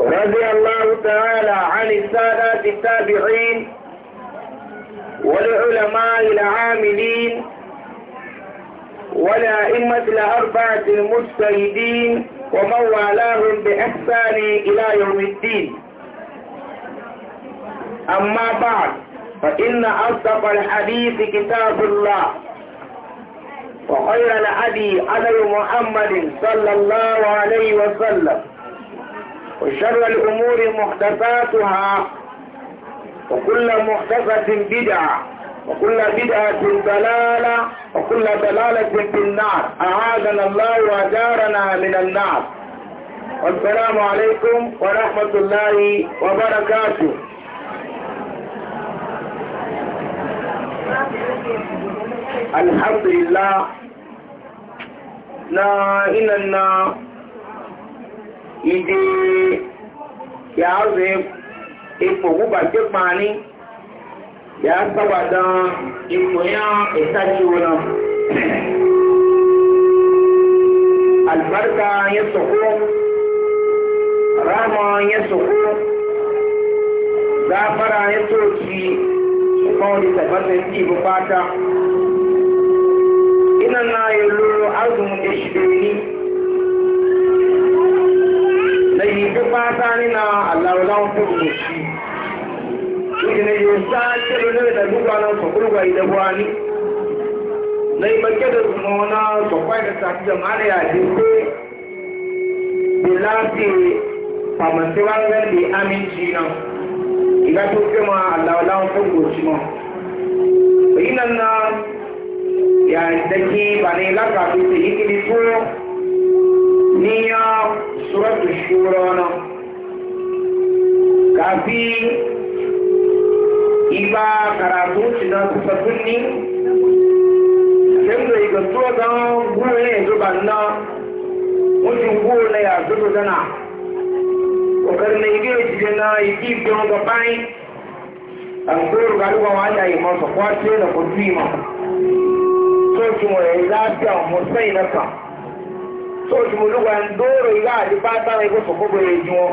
رضي الله تعالى عن السادات التابعين والعلماء العاملين والأئمة الأربعة المجتهدين ومن والاهم بإحسان إلى يوم الدين أما بعد فإن أصدق الحديث كتاب الله وخير الهدي علي محمد صلى الله عليه وسلم وشر الأمور محدثاتها وكل محدثة بدعة وكل بدعة دلالة وكل دلالة في النار أعاذنا الله وأجارنا من النار والسلام عليكم ورحمة الله وبركاته الحمد لله لا إلا ìdí yàáze ipò gbúgbàjẹ́ pàání yàá sábàdàn ipò yán ìtàjú náà albarka ya soko rama ya soko zafara ya soci kawai tabbatar ji bukata ina na yi lulu arzikin fata ni na alawalawo to ko shi ni ne yo sa ce ne da duka na so ko ga ida wani nai bakke da kuma na so kai da ta da mare ya ji ko bilati pamasiwan ga di aminci na iga to ke ma alawalawo to ko shi ma bayinan na ya dake ba ne lakabi ta yi ni ya suratu shura na kafi iba karatu cinan kusa sunni sai da iga so don gure ne zuban na mutum gure na ya zuba zana kokar na ige jide na igi don gabayi a tsoro galuwa wata yi masa kwace da kudu ma so ki mo ya yi lafiya musai na kan so ki mo lugwa ndoro iga adibata na igo sokobo ya ji wọn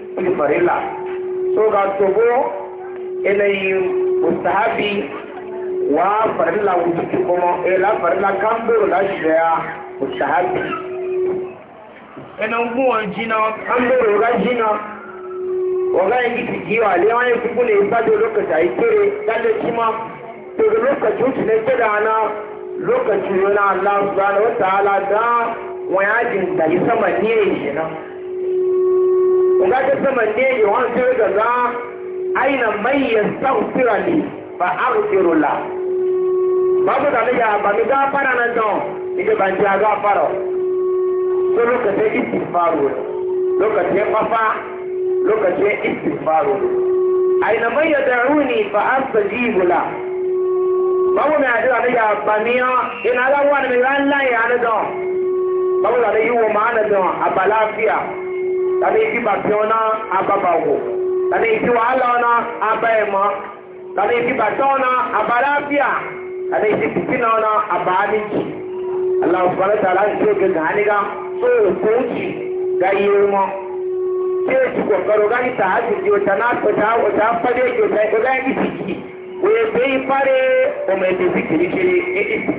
wani farilla so ga tobo yanayin mustahabi wa farilla wujuki kuma ila farilla kan bero la shirya mustahabi yanayin guwa jina kan bero la jina waga yin gidi jiwa lewa yin kuku ne ba da lokaci a yi kere kalle shi ma to da lokaci wuce ne ke da ana lokaci yana allah subhanahu wa ta'ala da wani ajin da yi وقد زمن دي يوان سيرك الله أين من يستغفر لي فأغفر الله babu da ni ga ba mi gafara nan don ni ga ban ja gafara so lokacin istighfaru lokacin kafa lokacin istighfaru aina man yad'uni fa astajibu la babu mai addu'a ni ga ba mi ina ga wani mi ran la ya na don babu da ni yi wa ma na don a ba lafiya tani iti bàtẹ́ ọ̀nà abàbàwò tani iti wàhálà ọ̀nà abẹ́ẹ̀mọ́ tani iti bàtẹ́ ọ̀nà abàlábíà tani iti fìtínà ọ̀nà abàánìjì aláwọ̀ fọlẹ́tà láti tó gẹ̀gẹ̀ àníga tó òkú jì gáyé mọ́ tí o ti kọ̀kọ́rọ̀ gáyé tààjù di ọ̀tà náà ọ̀tà ọ̀tà fọ́dé ìjọ ọ̀tà ìjọ gáyé ìsìkì òye pé ìpárẹ́ ọmọ ẹ̀dẹ̀ fìtìrì ṣe é ìsìkì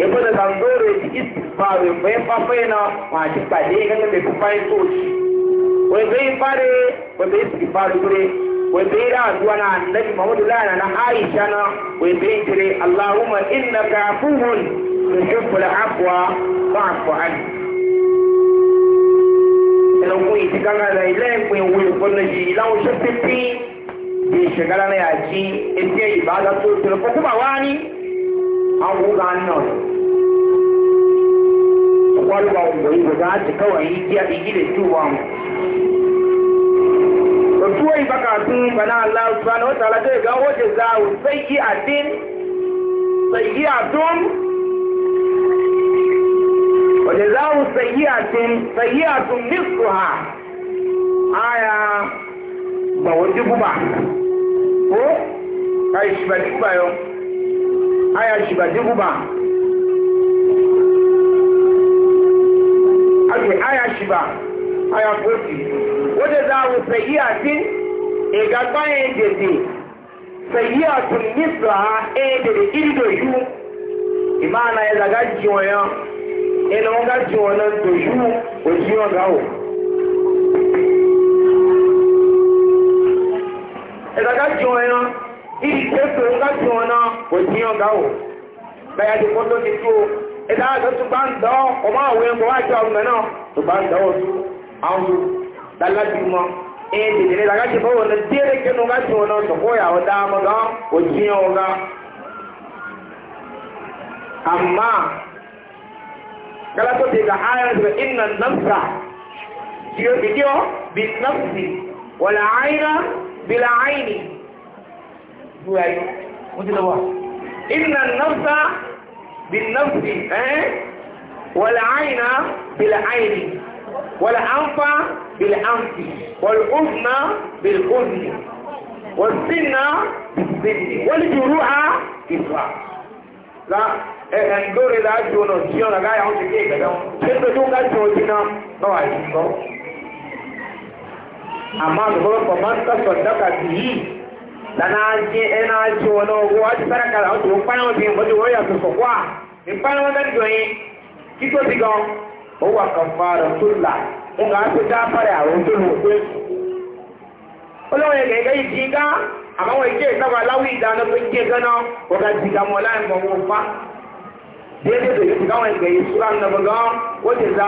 ebo da zandore di istisbaru ko ya fafe na ma ji pade ga da ku fai soci ko bai fare ko bai istisbaru gure ko bai da duwa na annabi Muhammad lana na Aisha na ko bai tire Allahumma innaka afuwun tuhibbul afwa fa'fu anni ẹnu kún ìdíkàkà rẹ̀ ilé ìpín òwe ìfọ́nà yìí láwọn iṣẹ́ pínpín bí ìṣẹ̀gára rẹ̀ àjí etí ìbára tó tẹ̀lé fọ́kúbà wá ní an gani nan kwalba goyi guda ta kawai yi biya bigi da tuba mu da tuwai baka sun bana Allah subhanahu wataala zai ga wajen zawo sai yi addin sai yi addun wajen zawo sai yi addin sai yi addun nisfuha aya ba wajen guba ko kai shi ba duk ba yau aya shibadiguba ake aya shiba aya 40 wadda za a sayyatin igagbayen jade sayyatun nisra e da da iridoyu imana ya e zaga jiwayen ina e wanga jiwanen doyu ojiyon gawo e ẹ̀dàgá jọ ẹran ìṣètò ńgáṣí wọn náà kò sí ọ̀gá o bẹ́ẹ̀ ti kó tó ti tú o ìdá àjọ tó bá ń dọ́ ọmọ àwọn ẹ̀mọ wájú ọmọ náà tó bá ń dọ́ ọ tú àwọn dálájú mọ́ ẹ̀yìn tètè nígbà káṣí fọwọ́ ní díẹ̀ kí ńgáṣí wọn náà sọ̀kọ́ ìyàwó dá ọmọ náà kò sí ọ̀gá. àmà kálátó ti gà áyà rẹ̀ ìnà nàfà yóò fi dí ọ bí nàfì wọ̀là àyìnà bí lórí ayé mo ti lọ́wọ́ ìnà nọ́fà bí nọ́fì ẹ́n wọ̀lá àìnà bìlà àìnì wọ̀lá àǹfà bìlà àǹfì wọ̀lá òfìnà bìlà òfìnì wọ̀sínà bìsìnì wọ́n ti rú ha ìfà la ẹ̀ẹ́dọ́rẹ̀ láàájú ọ̀nà tí ọ̀nà gáyà ó ti dé ìgbẹ̀dọ́ tí ó máa ń tọ́sọ̀ dákàtì yìí dana ji ina e ji wani ogun wa a ti mo kpanyin bi mo ti kwa nkpanyin wo bɛn dɔn ye o wa kan fara o a ti da a to ti ga àmọ́ wọ́n ìké ìsábà láwùí ìdáná tó ń ké gánà wọ́n ka ti ga mọ́ láì mọ́ wọn fa déédéé tó yìí ti sura ti za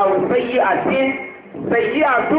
o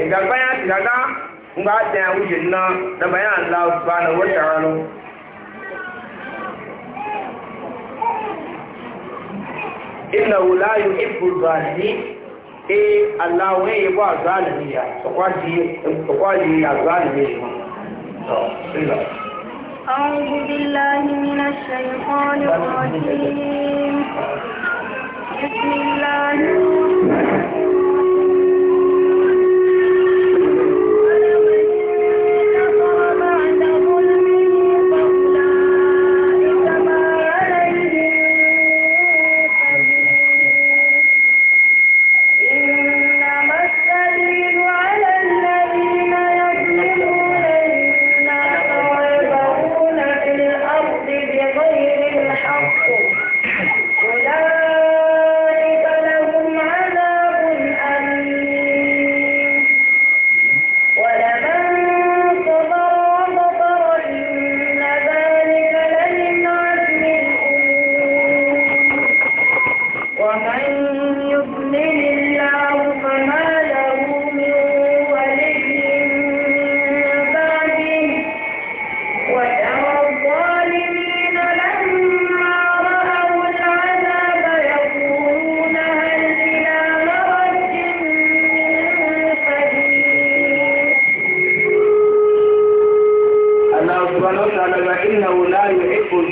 Iga baya ti gaga nga ta wuje na da baya Allah subhanahu wa ta'ala. Inna la yuhibbu al-zalimin. Eh Allah wa yi ba zalimi ya. Kwaji kwaji ya zalimi. To, illa. أعوذ بالله من الشيطان الرجيم بسم الله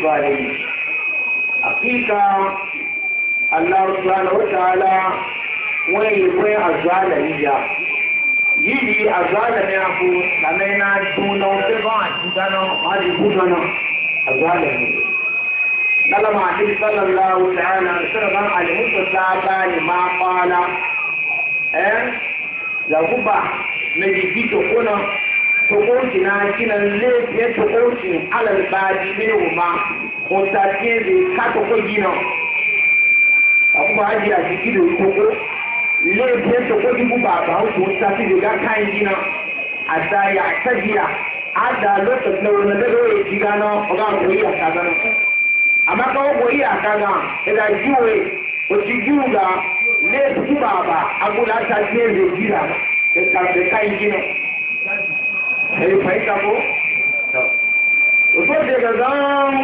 الظالمين حقيقة الله سبحانه وتعالى وين وين الظالمية yìí àzálẹ̀ ní àpò làmẹ́ná dúnà ọ̀fẹ́fà àtúndáná wájú gúdọ̀nà àzálẹ̀ ní. Lálàmà àti sọ́lọ̀lá òṣèrànà sọ́lọ̀lá àlèmúsọ̀tà bá lè máa pààlà. Ẹ́ yàgùbà méjì bí jòkó náà tukunci na kinan zai ya tukunci alal baji ne wuma mutake zai kata kwa gina a kuma haji a jiki da koko laifin ya tukunci bu ba ba hausa mutake zai ga kayan gina a da ya ta gina a da lokacin da wani daga wani jiga na ọga goyi a kaga na o kawo goyi a kaga ila jiwe wacce o ga laifin ba ba a gula ta gina zai gina da kayan gina sai fahimta ko? Rufar daga zan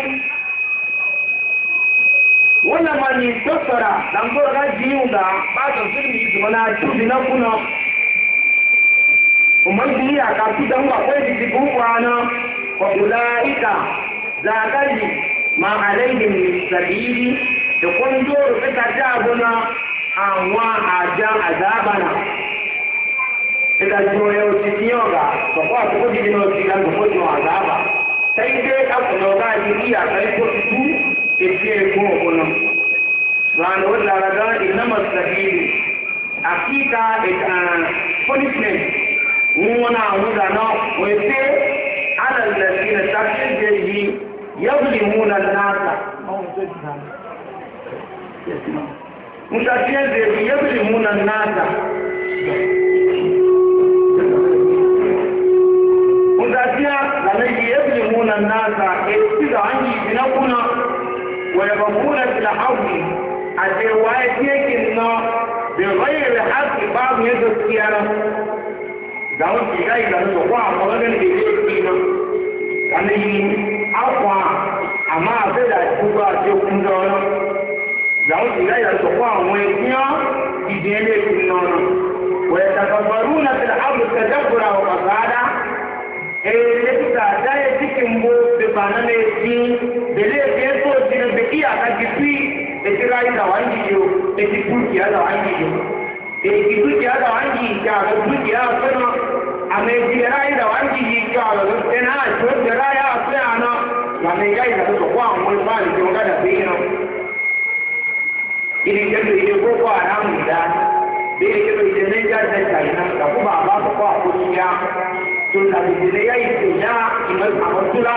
wannan ma ni tattara dan ko ga jinu da ba ta sirri su mana tudi na kuna umar biya ka ku dan ba kai ji ku kwana wa ulaika zakari ma alaihim sabili da kun zo ka ta gona awon ajan azabana ìdájọ́ ẹ òsì ní ọ̀gá sọ̀kọ́ àtúkò ti dínà òsì ìlànà òfò jù àgbà àbà tẹ́ńdé àkùnà ọ̀gá yìí ní àgbà ikó ti tú èsì ẹ̀kún òkúnà rànà ó lára dán ìnámọ̀ sàbílì àkíta punishment ní wọn náà àwọn ìdáná wọ́n ṣe alàlẹ́sì rẹ̀ sàkíyèsí yìí yẹ́wùlì mú na náà Mùsàkíyèsí yẹ́wùlì mú na náà الناس يستدعي بنقنا ويبغون في الحق حتى وايتيك بغير حق بعض يدرس كيانا دعوت في جاي لأنه وقع مغلقا بيجيك فينا كان يجي أقوى أما أفضل أتبقى أتبقى أتبقى دعوت في جاي لأنه وقع مغلقا بيجيك فينا ويتكبرون في الحق التجبرة وقصادة إيه لبسا داي yi da wangi yo da ki dukiya da wangi yo da ki dukiya da wangi ya ga dukiya kuma a mai jira yi da wangi yi ya ga sai na to jira ya sai ana wannan yayi da su kwa mun ba ni jonga da sai na ile ke ile ko ko aramu da be ke ile ne ga da kai na ka ku ba ba ko ko ya tun da ile yayi to ya imar amsula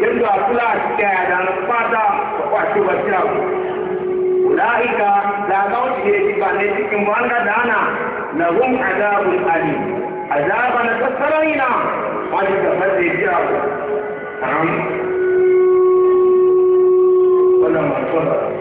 yanda akula ta da fata ko ko ba tira ula'ika da ga wuce ya ji ba ne cikin wanda dana na hum azabun ali azaba na sassaraina wani da fasa ya ji abu wannan masu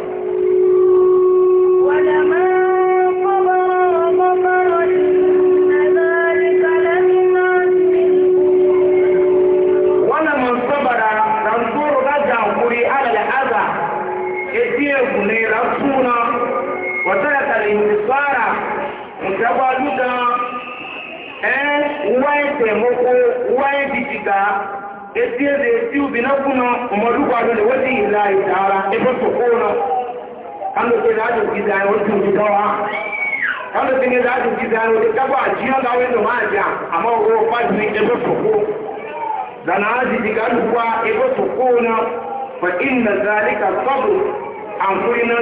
tie zai ci ubi na kuna kwado da wajen ilahi tara ifa su kona kan ke da ajin gida ya wajen gidawa kan da ke da ajin gida ya wajen a ga aji fa inna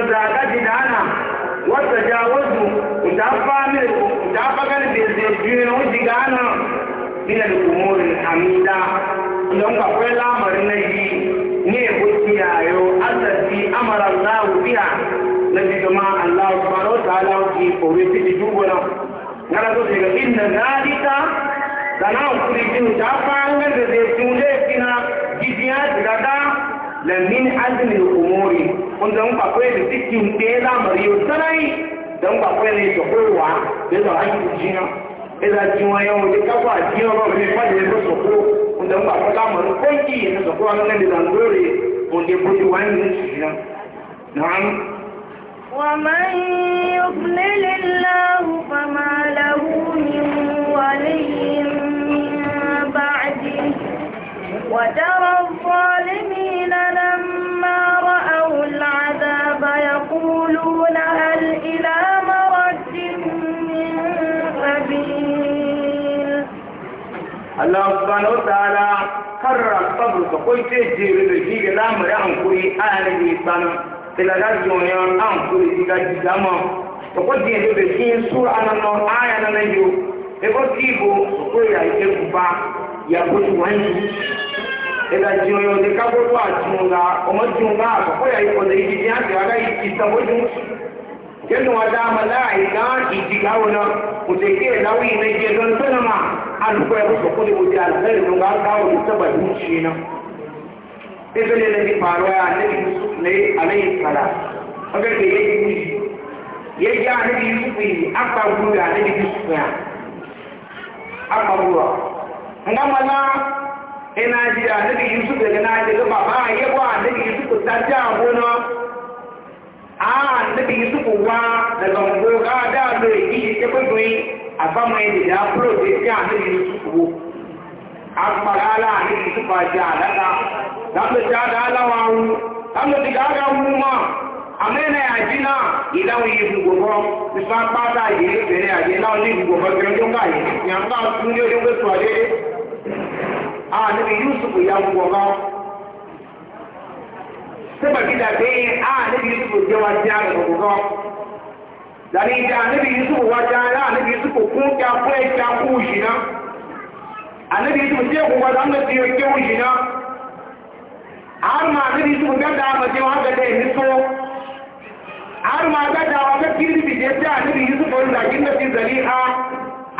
zalika jidana wata jawazu don akwai lamarin na yi ne wuce yayo allazi amara Allah biya na ji jama Allah subhanahu wa ta'ala ki ore ti ji dubona ngara to ga inna zalika dana kuri jin ta fanga da na tunde kina gidiya dirada la min azmi al-umuri kun don akwai da cikin da lamarin yau sanai don akwai ne to kowa da zai haƙi jina ila jiwa yau da kafa jiwa ba ne fa ne ko soko unda ba ko da mun ko ki ne soko an ne da ngore unde buti wani ne shi nan na'am wa man yudlil Allah fama lahu min waliyyin min ba'di wa tara Allah subhanahu wa ta'ala karra sabr ko ko te jere da shi ga lamari an kuri ana ne bana tilaga jonya an kuri diga digama ko ko je da shi sura nan no aya nan yo e ko tibo ko ya ke kuba ya ko wani ila jonya de ka ko wa junga o ma junga ko ya ko da yi ya ga ga yi ta wajin kenu adama la ila an koya musu kudi wuce alkhairin don an kawo su taba zuci nan ita ne na bi faruwa ya nabi yusuf ne alayhi sala aka ke ya yi wuce ya yi ya nabi yusuf yi aka gudu ya nabi yusuf ya aka gudu nga mana ina ji ya nabi yusuf daga na ji ga baba ya ba nabi yusuf ta ji a gona a nabi yusufu wa daga ngo ga da lo yi ke ko gui aba mai ni da pro de ya nabi yusufu wo akmara ala ni yusufu ja ala da da lo ja da ala wa wu da lo diga ga wu ma amena ya jina ila wi yi go go ni sa pa da yi le bere ya ni la ni go go ga sọba gida bẹ́ẹ̀ a níbi yusufu jẹ́ wa jẹ́ àgbẹ̀kọ̀ kan lànà ìjà níbi yusufu wa jẹ́ ara níbi yusufu kún kí a fún ẹ̀kí a kú òṣì náà àníbi yusufu jẹ́ òkú wadà ńlọ sí ẹ̀kí òṣì náà àrùn àníbi yusufu gẹ́gẹ́ àmọ̀jẹ́ wọn gẹ́gẹ́ ẹ̀mí tó àrùn àgbàdà wọn gẹ́gẹ́ kí níbi jẹ́ sí àníbi yusufu làjí ńlọ sí zẹ̀lí ha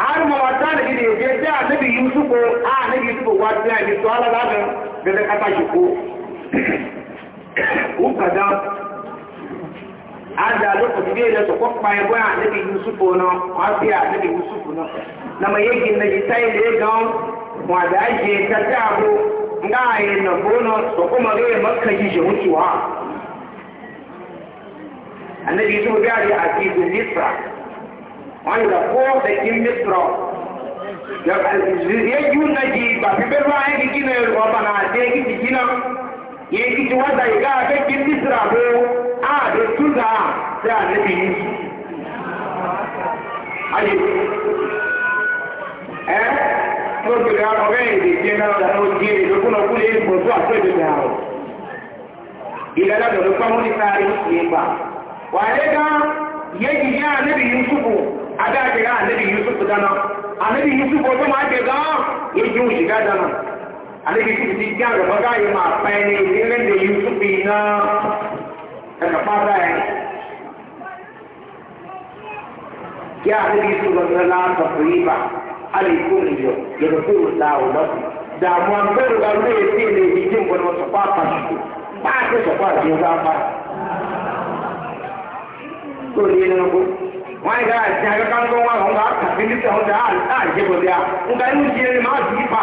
àrùn àwàtà níbi jẹ́ àníbi yusufu a níbi yusufu wa jẹ́ ẹ̀mí tó alága nkada ada loko tibe ile to kokpa ebo a nabi yusuf ono abi a nabi yusuf no na ma yegi na jitai le gon wa abu nga ayi na bono to kuma re makka ji je mutuwa annabi yusuf ga ri azizu misra wani da ko da kin misra ya yi yunaji ba fi yake ji wanda ya ga ga kin misra ko a da tuza da annabi ali eh to bi ga ro ga ni je na da no je do kuno kule ko so aso de ga ro ila la do ko mo ni sari ni ba wa le ga yake ya annabi yusufu ada ga annabi yusufu dana annabi yusufu ko ma ke ga yake shiga dana aleke ti ti gán lọ bọ́dá yìí máa pẹ́ ní ìdílé ní yusufi náà ẹ̀ka fáta ẹ̀. kí aleke ti lọ sí ọlá àtọ̀tọ̀ yìí bá aleke kó nìyọ yẹ̀rọ tó o la o lọ́sì. dààmú abẹ́rù la ló yẹ sí ilé ìdíje nǹkan ní wọ́n sọ̀kọ́ àpàṣù máa tẹ sọ̀kọ́ àti ọ̀gá apá. tó o lé nínú kó wọ́n yìí kára àti àgbẹ̀ká ń gbọ́ wọn àwọn ọ̀gá àkàtúndínlẹ̀ ọ̀gá àjẹbọ̀dẹ̀ à ń ga inú ìdílé ni màá dùn í pa.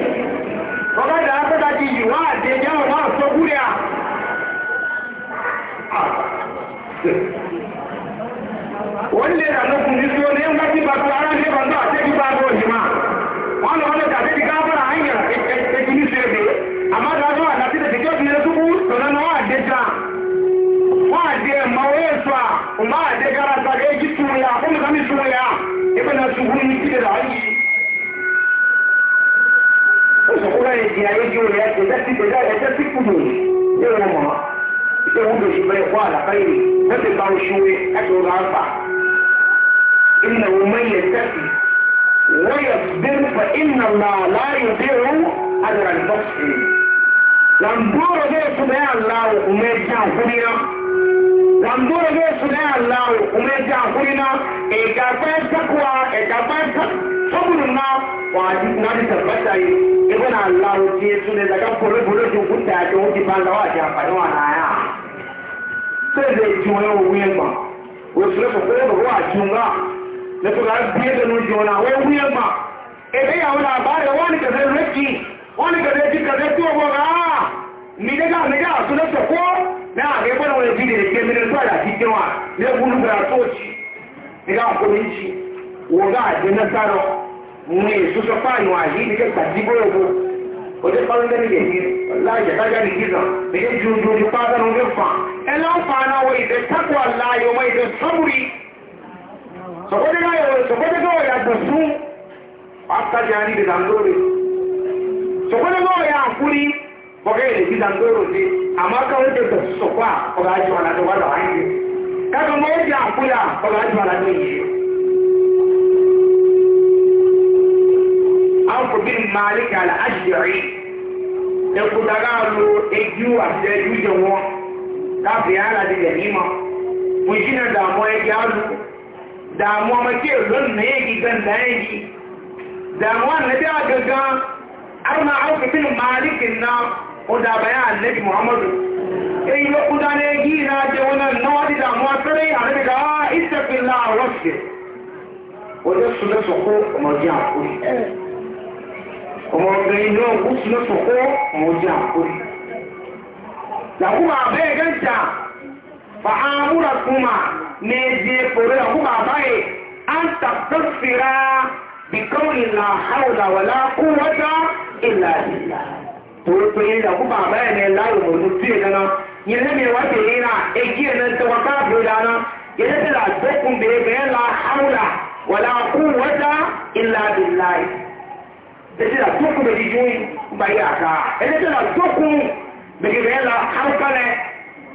da aka zaki yi wa da yawa ma so guriya wanda ya zanu kun jiso ne yan gaji ba su ara ne ban zuwa sai ba zuwa jima wanda wanda ta fi gafara hanyar ta kini sai ne amma da zuwa na fi da fiye fiye su ku sanan wa da ja wa da mawayesuwa kuma da gara ta ga ya ji suriya kuma zami suriya ibi na su kan ìdí ayé ju rẹ̀ ẹ̀jẹ̀ sí ìgbésẹ̀ ẹ̀jẹ̀ sí kùdù ní wọn mọ̀ ṣé wọn bèṣì bẹ́ẹ̀ fọ́ àlàkà yìí wọ́n ti bá oṣù wẹ̀ ẹ̀jẹ̀ wọn máa ń fà. ìnà wọn mọ iye tẹ́sì wọ́n yẹ bẹ́ẹ̀ fẹ́ ìnà náà láàyè bẹ́ẹ̀ wọ́n àdàrà ní bọ́ọ̀sì. làǹdóró bẹ́ẹ̀ fún bẹ́ẹ̀ àlá òkú mẹ́jà òkúrìyàn làǹdóró bẹ́ẹ̀ fún bẹ́ẹ̀ àlá òkú mẹ́jà òkúrìyàn ẹ̀gà ma wani na da tabbata yi ibn Allah ji su ne daga kore bolo ji gunta ya ko ji banga wa ja fa wa na ya sai da ji wani wuyen ba wo su ko ko wa junga na to ga biye da nun ji wani wai wuyen ba e dai ya wala ba da wani ka zai raki wani ka zai ji ka zai tuwa ga ni daga ni ga su na ko na ga bana wani ji da ke min da ta ji wa ne bulu ga toci ni ga ko ni ji wo ga da nasara ní ìsúsọ fáànù àyè ìdíkẹ́ gbàdígbò ògbó òde pálọ́ndé ní yẹ̀yẹ láàjẹ̀ tájá ní gíga nígbẹ́ ju ojú ojú pátá ní ojú fà ẹ lọ́n fà náà wọ ìdẹ tákù aláyọ̀ ọmọ ìdẹ sọ́mùrì sọ̀kọ́dé náà yọ̀ sọ̀kọ́dé náà yà gbọ̀ fún àtàjà ní ìdẹ dàndórè sọ̀kọ́dé náà yà àkúrí bọ́kẹ́ ìdẹ bí dàndórè ti àmọ́ káwọn ìdẹ gbọ̀ sọ̀kọ́ à ọ̀gá àjọ àlàdọ̀ wà lọ́wọ́ bin malik al-ashiri ekutaga lu eju ati eju jọwọ káfí ara di lẹni mọ mo jìnnà dààmú ẹgbẹ alu dààmú ọmọ tí èlò nà égi gàndà égi dààmú ànàbí àgàgàn arúnà áwùkì bin malik nà ọdàbàyà ànàbí muhammadu èyí ló kúta ní égi nà jẹun náà ti dààmú afẹ́rẹ́ ànàbí ká ìsẹ̀fìlà rọ̀ṣẹ̀ wọ́n yẹ sọ́dọ̀ sọ́kó ọmọdé àkóyè ọmọbìnrin náà ó sì lọ́sọ̀ kó mọ̀ọ́dí àkórí. Làkúmà bẹ́ẹ̀ gẹ́jà fa àmúra kúmà ní ẹ̀dí pẹ̀lú làkúmà báyìí á ń tàbẹ́fìrà bìkan ìlà àwòlà wàlá kú wọ́dá ìlà ìlà. Tòótọ́ yìí làkúmà báyìí ní ẹ̀láyò mọ̀ọ́dú sí ìdáná. Yìí lẹ́mìí wá sí ìrìnà èjì kú wọ́dá ìlà ẹ̀sẹ̀ àtọ́kùn méjì jù nígbà yìí àká ẹ̀sẹ̀ àtọ́kùn méjì bẹ́ẹ̀ la àrùkọ́lẹ̀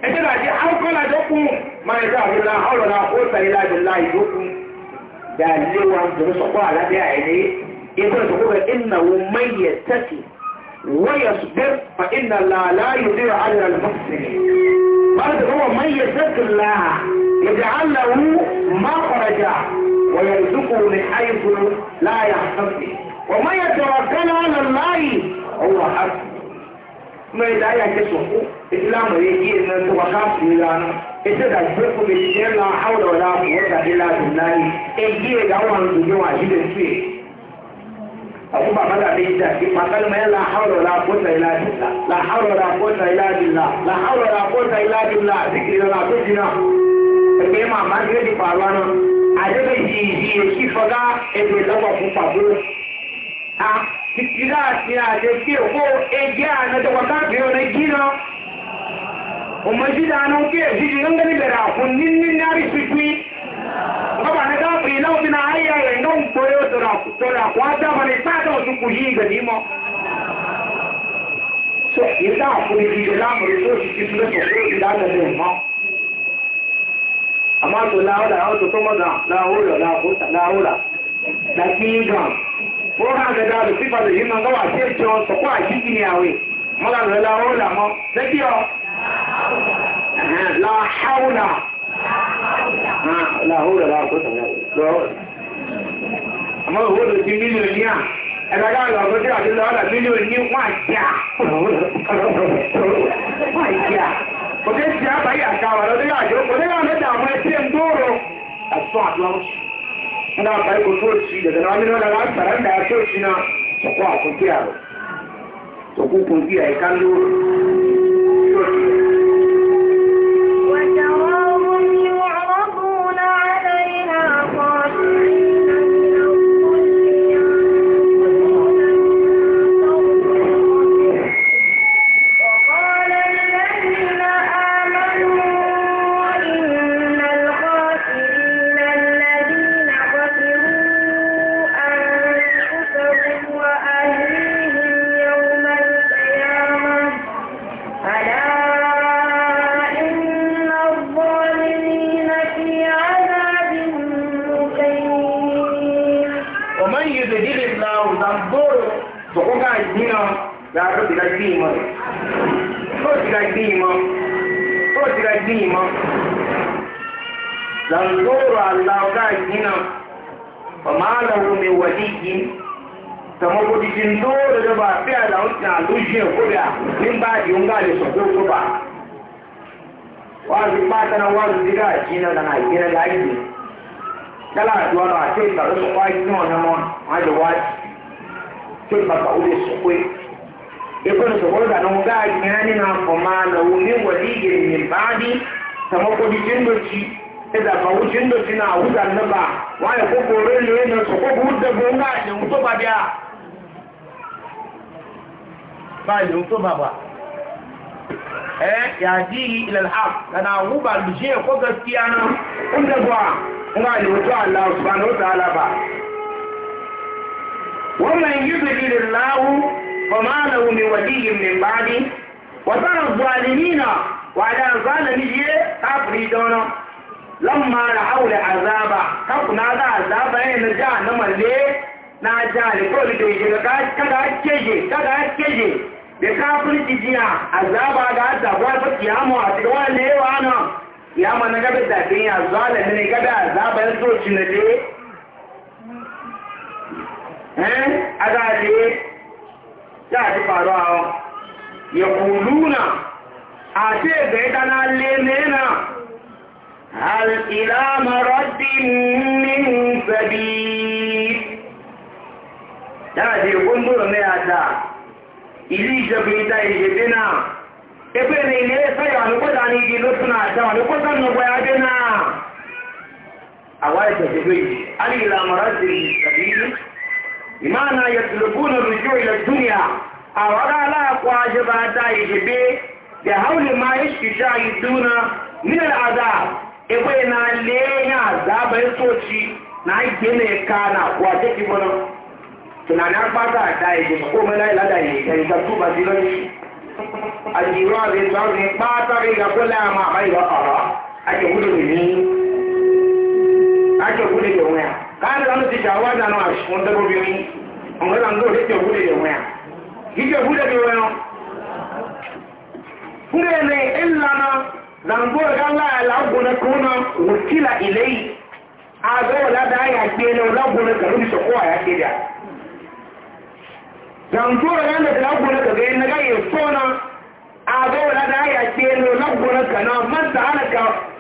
ẹ̀sẹ̀ àti àrùkọ́lẹ̀ àtọ́kùn máa ẹ̀sẹ̀ àbúlá ọlọ́lá ó sàrí láti lá ìdókùn dàlẹ́ wa dùn sọ́kọ́ àlábẹ́ àìní ibùdó sọ́kọ́ bẹ́ẹ̀ ìnáwó mẹ́yẹ tẹ́kì ويصبر فإن الله لا يضيع على المحسنين برضه هو من يتق الله يجعل له مخرجا ويرزقه من حيث لا يحتسب وما يتوكل على الله هو حسبه mai da ya ke so islam ya yi na to ka su la na ita da ku ku bi ce la hawla wala quwwata illa billahi e ji ga wan su ji wa ji da su abu ba mala da ita ki ma kal mai la hawla wala quwwata illa billah la hawla wala quwwata illa billah la hawla wala quwwata illa billah zikri la to dina ke ma ma ke a fitila ti a le ke ko eje a na to o ne o ma ji da no ke ji ji ngani be ra ko nin nin o na ai ai no ko yo to ra to ra ko ta ba ne ta to su ku ji ga ni mo so ita ko ni ji la mo so ji ti le ko ko da da ne mo amma to la da ha to to ma da la ho ko ha da da sifa da yin ga wace ce on ko a ji ni awe mala da la ola mo da kiyo la haula la haula la ko ta amma ho da ti miliyon ni a ẹ̀ka ká lọ fún tíra tíra ọ̀la mílíọ̀nù ní wọ́n àjà wọ́n àjà òde tí a bá yà ká wà lọ́dún yà jọ òde náà mẹ́ta àwọn ẹtí ẹ̀ ń dóró ẹ̀sùn àbúrò suna kai ku soci daga namun wani ba tsaron da ya soci na ta kuwa kun kiyaye ta kun kun bima kotra bima zangoro allah ga gina wa malahu min waliyi kama ko di jindoro da ba fi ala na lushe ko da min ba di unga le so ko ba wa di pata na wa di ga gina na na gina ga gina kala duwa na ce ka so kwa gina na mo ma da wa ce ba ka ule so ko يكون شغل ده نو قاعد يعني ما فما لو من ولي من بعدي سمو كو دي جندوشي إذا ما هو جندوشي نا هو ده نبا وانا كو كورين لين سكو بود ده بونغا نو تو بابيا باي نو تو بابا eh yaji ila al-haq kana huba bije ko gaskiya na inda gwa ina ne wato Allah subhanahu wa ta'ala ba wannan yuzilillahu فما له من ولي من بعدي وترى الظالمين وعلى الظالمين كافري دونا لما رأوا العذاب كفنا ذا عذاب نرجع نملي نرجع لكل دوجي كذا كيجي كذا كيجي da kafin jijiya azaba ga azabuwa ta kiyama a cikin wani lewa na kiyama na gaba da duniya zuwa da ne gaba azaba ya so ci ya ji faruwa ya kuluna a ce ga ita na lemena hal ila maraddin min sabi ya ji kundura na ya ta ili jabi ta ije na ebe ne ile sayo wani kwada ni gilo suna ta wani kwasan a wani tafi ali ila maraddin imana yatlubuna rujuu ila dunya awara la kwa jabata yibe bi hawli ma yashhaduna min al'adab ebe na lenya azaba na gene kana kwa jeki bona na apata da yibe ni ake wule da waya ka da zamu ci jawa da na wani dabo biyu ni on ga zango da ke wule da waya kike wule da waya kure ne illa na zango ga la la gona kuna wukila ilai a ga wala da ya ke ne la gona ga rubi so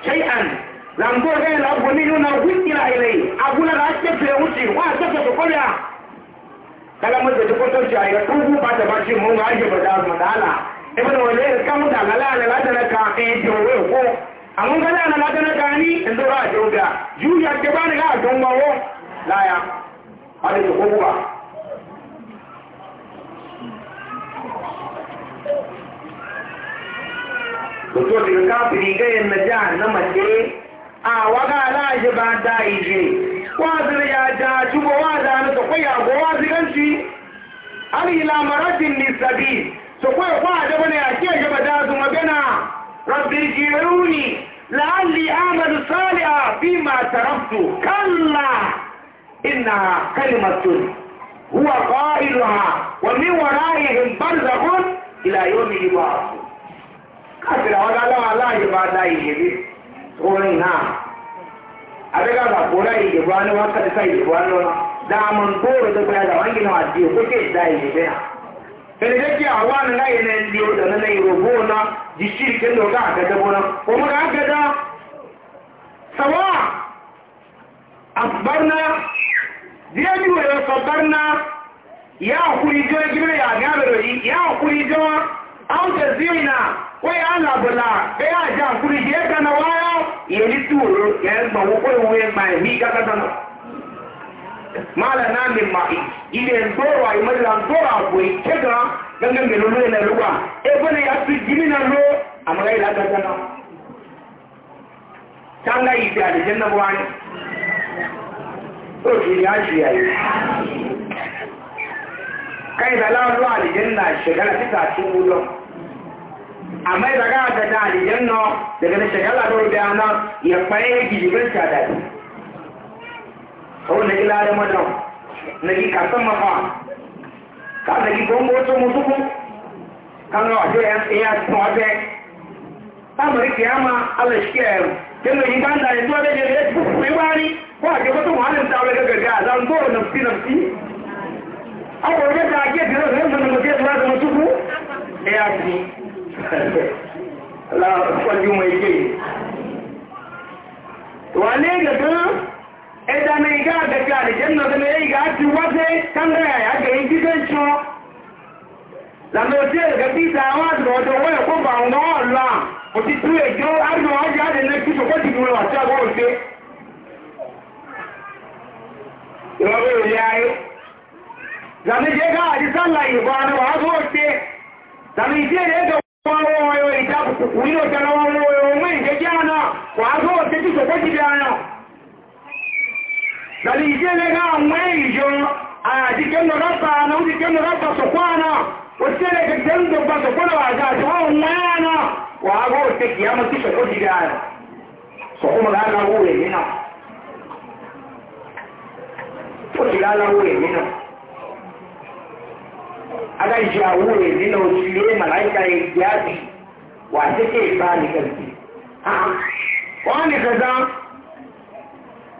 shay'an làǹgó rẹ̀ làǹgó ní yóò náà wíìkì àìlè àgúnlẹ̀ náà tẹ̀sẹ̀ wùtì wọ́n àtẹ̀sẹ̀ tó kọ́lẹ̀ à. kala mo tẹ̀sẹ̀ kótó ti àyẹ̀ tó wú bàtà bá ti mú wàá yẹ̀ bàtà àmàdàlà ebi na wọlé kàmú dàgbà láàlẹ̀ látẹ̀lẹ̀ ká ẹ̀ẹ́dì òwe òkú. àwọn kálẹ̀ àná látẹ̀lẹ̀ ká ní ẹ̀dọ́rọ̀ àjọ̀gà ju yàtẹ̀bánì láàjọ̀ ń gbọ́wọ́ láyà àdéjọ kókó wa. Òtún òdìrí káfíìn gẹ́yẹ̀ mẹ́ta àná màdé àwọ́gá aláàjẹ́ bá dá ìṣe wáàzìr ya já túbọ̀ wáàzà ní sọ̀kọ́ yàgò wáàzìránci an ìlàmàrátì ní sàbí sọ̀kọ́ ẹ̀kọ́ àjẹ́bọ̀ ni àti ẹ̀jẹ̀bà dá zùn magana rabbi jiruni la'alli amadu sali'a fi ma tarabtu orin náà abẹ́gà bàbúrà ìdìbò àná wọn kàdíkà ìdìbò àná dààmú tóòrò tó gbéra àwọn yìí náà àti òkú kéè dá ìdìbò yà. Kẹ̀lẹ́dẹ́ kí àwọn àná láyé náà ń di ọ̀dọ̀ náà ìrògbò náà di sí ìkéde ọ̀gá àgẹ́dẹ́gbó náà. Òmù náà gẹ́dá sàwọ́ àbárná díẹ̀ ní wẹ̀rẹ̀ sọ̀bárná yà àkúrí jọ́ ìgbéra yà àgbà àwọn jẹ̀síìnà wọ́n yà ń làbọ̀là bẹ́ẹ̀ àjẹ́ àkúrí yẹ́ gánà wáyá ìyẹ̀lí tí òru ẹ̀ẹ́gbọ̀n wọ́pọ̀ ìwé ẹgbà ẹ̀mí gágádánà mala nami ma ile ndoro ai mala ndoro abo ikega ganga melulu na luwa ebona ya tu jimina lo amala ila gatana tanga ibe ali jenna bwani so ji ya ji ya kai da lawan ruwa aljanna shekara ta ci wulo amma da ga da da aljanna daga na shekara da ruwa na ya faye gijiban ta da ko na ila da madan na ki ka san mafa ka na ki gongo to musuku kan ga wato ya ya to abe tamari kiyama Allah shi ya yi kin da to da je ne ku ku bari ko a ko to mu ta wala ga ga zan go nafsi nafsi ọkọ̀ orí ẹ̀ta ajé ìdílé òní ìdílé òní ìdílé láti mú túbú ẹ á sí láàpọ̀jú wọn èké wà ní ìgbẹ̀tún ẹ̀dá ní ìgá àgbẹ̀fẹ́ àdìjẹ́ nọ̀dún ní ìgá ti wáṣẹ́ kángẹ́ àgbẹ̀ ìdílé ìṣọ́ làmì òtí ẹ̀gẹ́ bí ìta àwọn àdùn ọ̀dọ̀ owó ẹ̀kọ́ bà zane je ga adi sallah ibana wa azu ote zane je ne ga wawo wayo ita ku kuyo tara wawo wayo mai je jana wa azu ote ti soko ti jana zane je ne ga mai jo a di ken no rabba na di ken no rabba so kwana o se ne ga den do ba so kwana wa ga so wana wa azu ote ki ama ti soko ti jana so kuma ga na wo ye na ko ti la la wo ye na aga ji awo ye o ti malaika ye ya wa se ba ni ka ha wa ni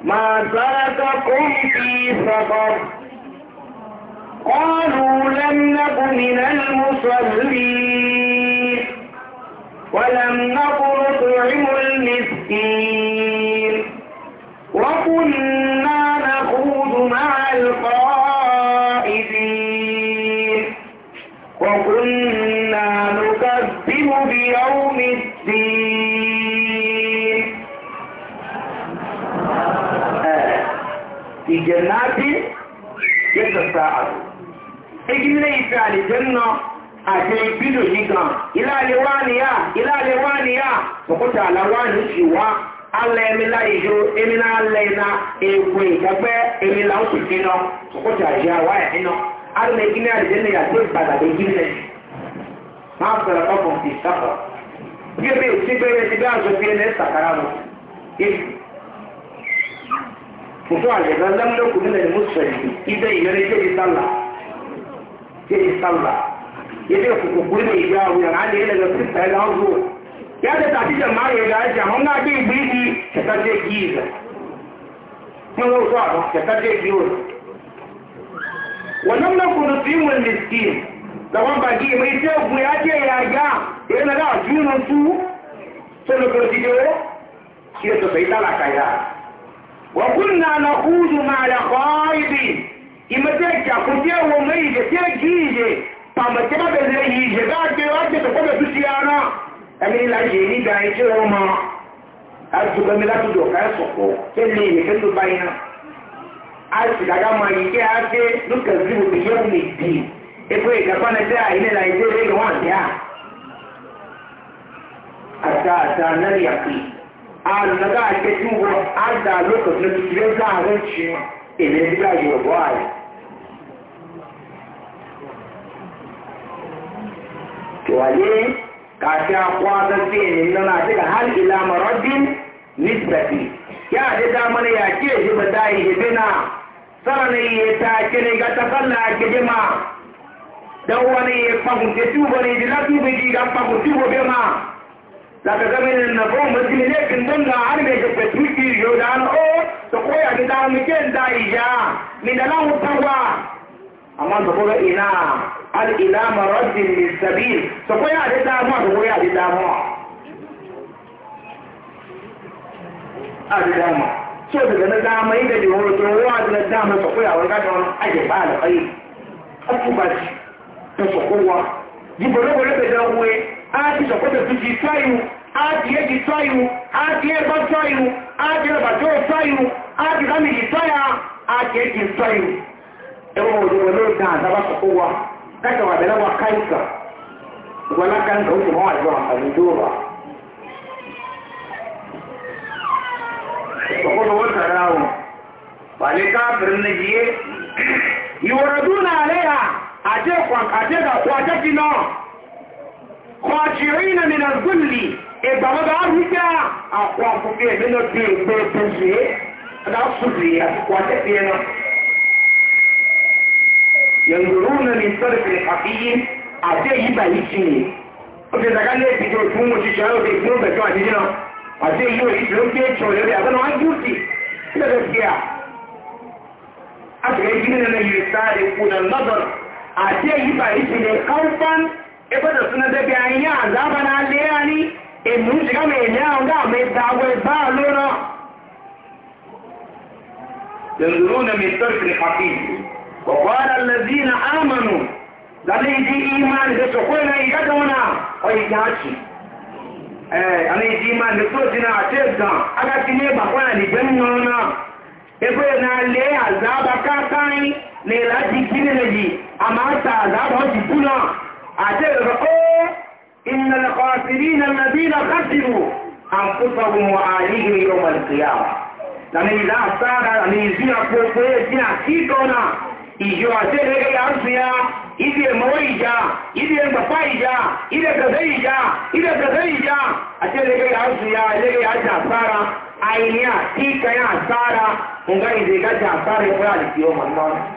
ma zaraka kum fi safar قالوا لم نك من المصلين ولم نك نطعم المسكين وكنا نخوض مع القوم jannatin yatasa'al egin ne ife alijanna àti ìbílò yìí gan ilé àlewá nìyà ilé wá alẹ́ ẹ̀mí láìjó ẹ̀mí náà lẹ́ iná èèkù ìjọpẹ́ ẹ̀mí làwọn kò sí lọ òkúta àjẹ́ àwá ẹ̀mí náà alẹ́ ẹ̀gí ní mutum a gaza lam da kudin da musulmi idan idan ya ce sallah ya yi sallah ya ce ku kukuri mai ja wuyan an da ya daga sista ya zama zuwa ya da tafi jama'a ya ga ajiya mun na ke birni ta sarje giza mun zo zuwa ba ta sarje giyo wannan na kudu وكنا نخوض مع الخائض إما تجا كتير وميجة تجيجة فما تبقى زيجة بعد كواجة تقوم تسيانا أمين العجيني دعيش روما أرجو كملا تدوكا سوكو كلي مكتو باينا أرسي كاكا ما يكي أرسي نكذب بيوم الدين إفو إكفانا جاء إلي العجيني وان جاء أتا أتا نريقين a naga a ke tun wani an da lokacin da tuyo za a wanci ina gida yoruba a yi tuwaye kafi a kwanar fiye nana daga har ila marabin nisbati ya da damar ya ke shi ba da yi bina sarani ya ta kini ga ta falla a gidima don wani ya fahimta tubo ne da na tubo ga fahimta tubo ma daga zama yin na bau mazini ne kin don na har mai ga fatuki yau da an o ta koya ni da muke da iya ni da lan hutawa amma ta koga ina al ila maradin min sabil ta koya da da mu ta koya da da mu a da mu so daga na dama yi da diwo to wa da dama ta koya wa ga don aje ba da kai ku ba ci ta kowa ji bolo bolo da uwe áàdì ìṣọ̀kọ́tẹ̀ tó ti tọ́yù áàdì èjì tọ́yù áàdì ẹgbọ́ tọ́yù áàdì ọbàjọ́ tọ́yù áàdì kámìlì tọ́yà áàdì èjì tọ́yù ẹwọ́n òdòwò ló dá àdábà sọ́kọ́ wa dákẹ̀wà bẹ̀rẹ̀ wa káìsà ìgbọ́lá káìsà ó sì mọ́ àjọ àdúgbò wa ọkọ̀ wọ́n tàrà wọn wàlẹ̀ káàkiri ní yíé ìwòròdú náà lẹ́yà àjẹ́kọ̀ọ́ àjẹ́kọ̀ọ́ àjẹ́kì náà خاشعين من الذل إذا ما بعرفك أخوافك من الدين بالتزيه أنا أصلي وتأتينا ينظرون من طرف الحقيقي àti èyí bà yìí sí ni ó fi ṣàkà lé ìdíjọ fún òṣìṣẹ́ òde fún òbẹ̀tọ́ àdíjì náà àti èyí ò ìṣòro ń gbé ìṣòro lórí àbọ̀nà wọn gúúsì nígbàtà sí à àtìlẹ́ ìdíjì nínú yìí sáré kùnà lọ́dọ̀ àti èyí bà yìí sí ni káńfán ebada suna da gani a zaba na leya ni emu shiga mai yawon ga mai dagwai ba a lura yanzuru na mai tarfi hafi wa kwanar lazina amanu zaɓe eh, ji imani da su kwanar iga da wana kwai yaci eh a ce zan aka ti ne ba عجل إن القاتلين الذين خسروا أنفسهم وآلهم يوم القيامة لأن إذا أصدر أن يزيع قوته يزيع سيطنا إجوا سيطنا إجوا أرسيا إذي مويجا إذي مفايجا إذي كذيجا إذي كذيجا أجل إجوا أرسيا إجوا أصدر أينيا سيطنا أصدر ونغاني ذيكا أصدر يوم القيامة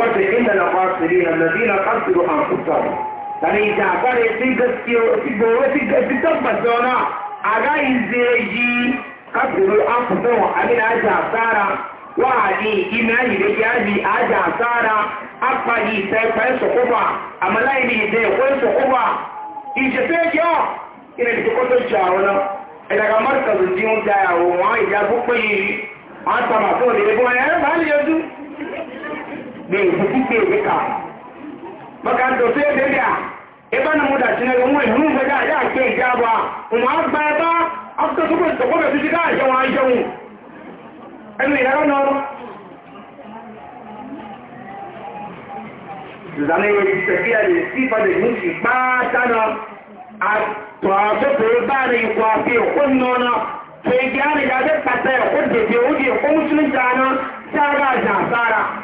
wata inda na fasiri na nazina kansu an fusa sani ita kare sun gaskiyo gobe sun gaskiyo tabbata wana a rayin zai ji kafiru an fusa wa abin aji asara wa adi ina yi da yaji aji asara akpa yi sai kwaye su kuba a malayi ne da da ya fi kuke ya ka maka da sai da ya ebe na mu da shi na ga mun mun ga ya ke ja ba kuma ba ba afka su ko da ko da shi ga ya wa ya mu an ya ga no zane tafiya da sifa da mushi ba ta na a twaso ko ba da ikwafi kunno na sai gyara da ta ta ko da ke wuce ko musulunta na ta ga jasara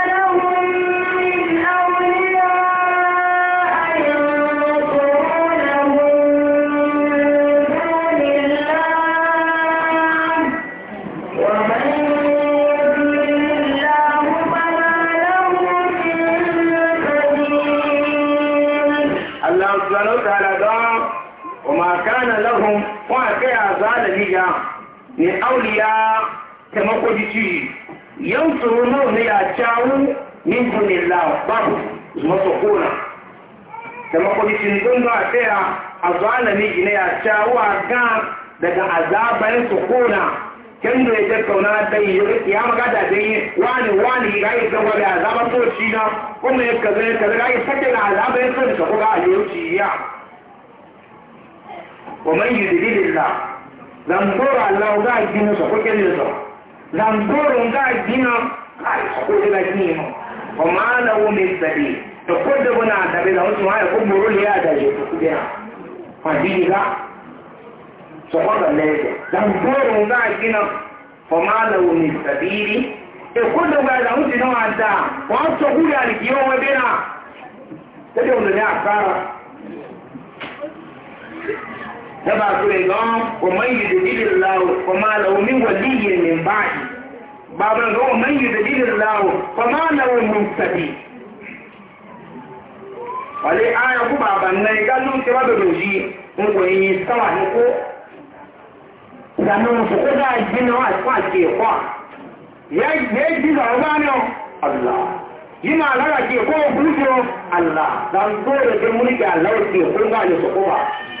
malami ya ne auliya ta makwajici yau tsoro nau ne ya cawu min dunilla labaru masu kona ta makwajici don ba a tsaya a zalami ne ya cawu a gan daga azabayin su kona kyan da ya tattauna da yi ya magada da yi wani wani ga yi zama da azabar shi na kuma ya kaza ya kaza ga yi sake da azabayin soci ka kuka a yau ciya ومن يدلل الله zamboro aláwọ̀ gáà jìnnà sọ kókè lè sọ zamboro gáà jìnnà káì sọkó lè la jìnnà mọ ọmọ aláwọ̀ mi sẹ̀lẹ̀ ẹ̀kọ́ dẹ́gbọ́n náà dàbí làwọn tí wọ́n ayọ̀ kó gbòòrò lè àdàjọ kókó bẹ́ẹ̀ wọ́n ti yìí ká sọkọ́ lọ lẹ́yìn zamboro gáà jìnnà ọmọ aláwọ̀ mi sẹ̀lẹ̀ yìí ẹ̀kọ́ dẹ́gbọ́n làwọn tí wọ́n àdà wọ́n sọ kúrò àlìkí daba sulegan ومن يدبر الله فما له من ولي من بعده بابا ومن يدبر الله فما له من سبيل wale aya ku baba na igalu ti ba dodo ji ngo yi sawa ni ko sanu fu ko da ji na wa kwa ke kwa ye ye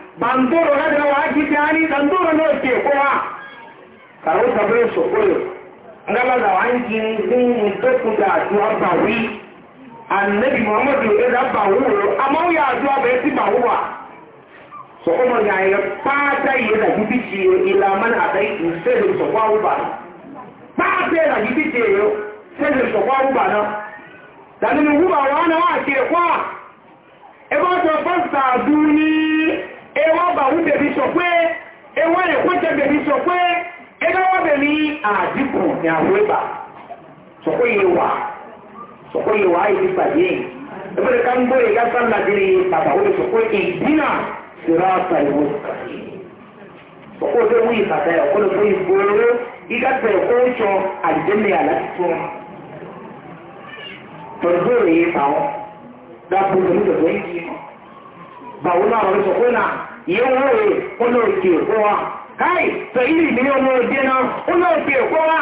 bandoro na da wa tani bandoro no ke kowa ka bai so koyo ngala da wa ji to ku da ju abba wi annabi muhammadu da abba wu amma ya ju abba ti ba huwa so kuma ya ya pata yi da gibiji yo ila man adai in sai so kwa pa ta da yo sai so kwa na ni wa na wa ke kwa ebe ẹwọ́ bàwú bèbí sọ pé ẹwọ́ ẹ̀kọ́jẹ bèbí sọ pé ẹgbẹ́wọ́ bèbí àdínkù ní àwọn ẹgbà sọ̀kọ́ yìí wà sọ̀kọ́ yìí wà ayé pàdé ẹgbẹ́ ká ń gbọ́ ẹ̀gá sálà dìrì bàbá wọlé sọ̀kọ́ ìdínà sọ̀rọ̀ àtà ìwọ sọ̀kọ́ ọdẹ wí ìbàdà ẹ̀kọ́ lọ fún ìgbòòrò ìgbàgbà ẹ̀kọ́ ń sọ àdìdẹ́lẹ̀ àlàtìtò tọ̀dọ̀ rèé báwọn dábò lórí ìdọ̀dọ̀ yìí báwọn náà wọlé sọ̀kọ́ náà yewoe olóòkè kọwa káì tọ ilé ìmìnì olóòdé náà olóòkè kọwa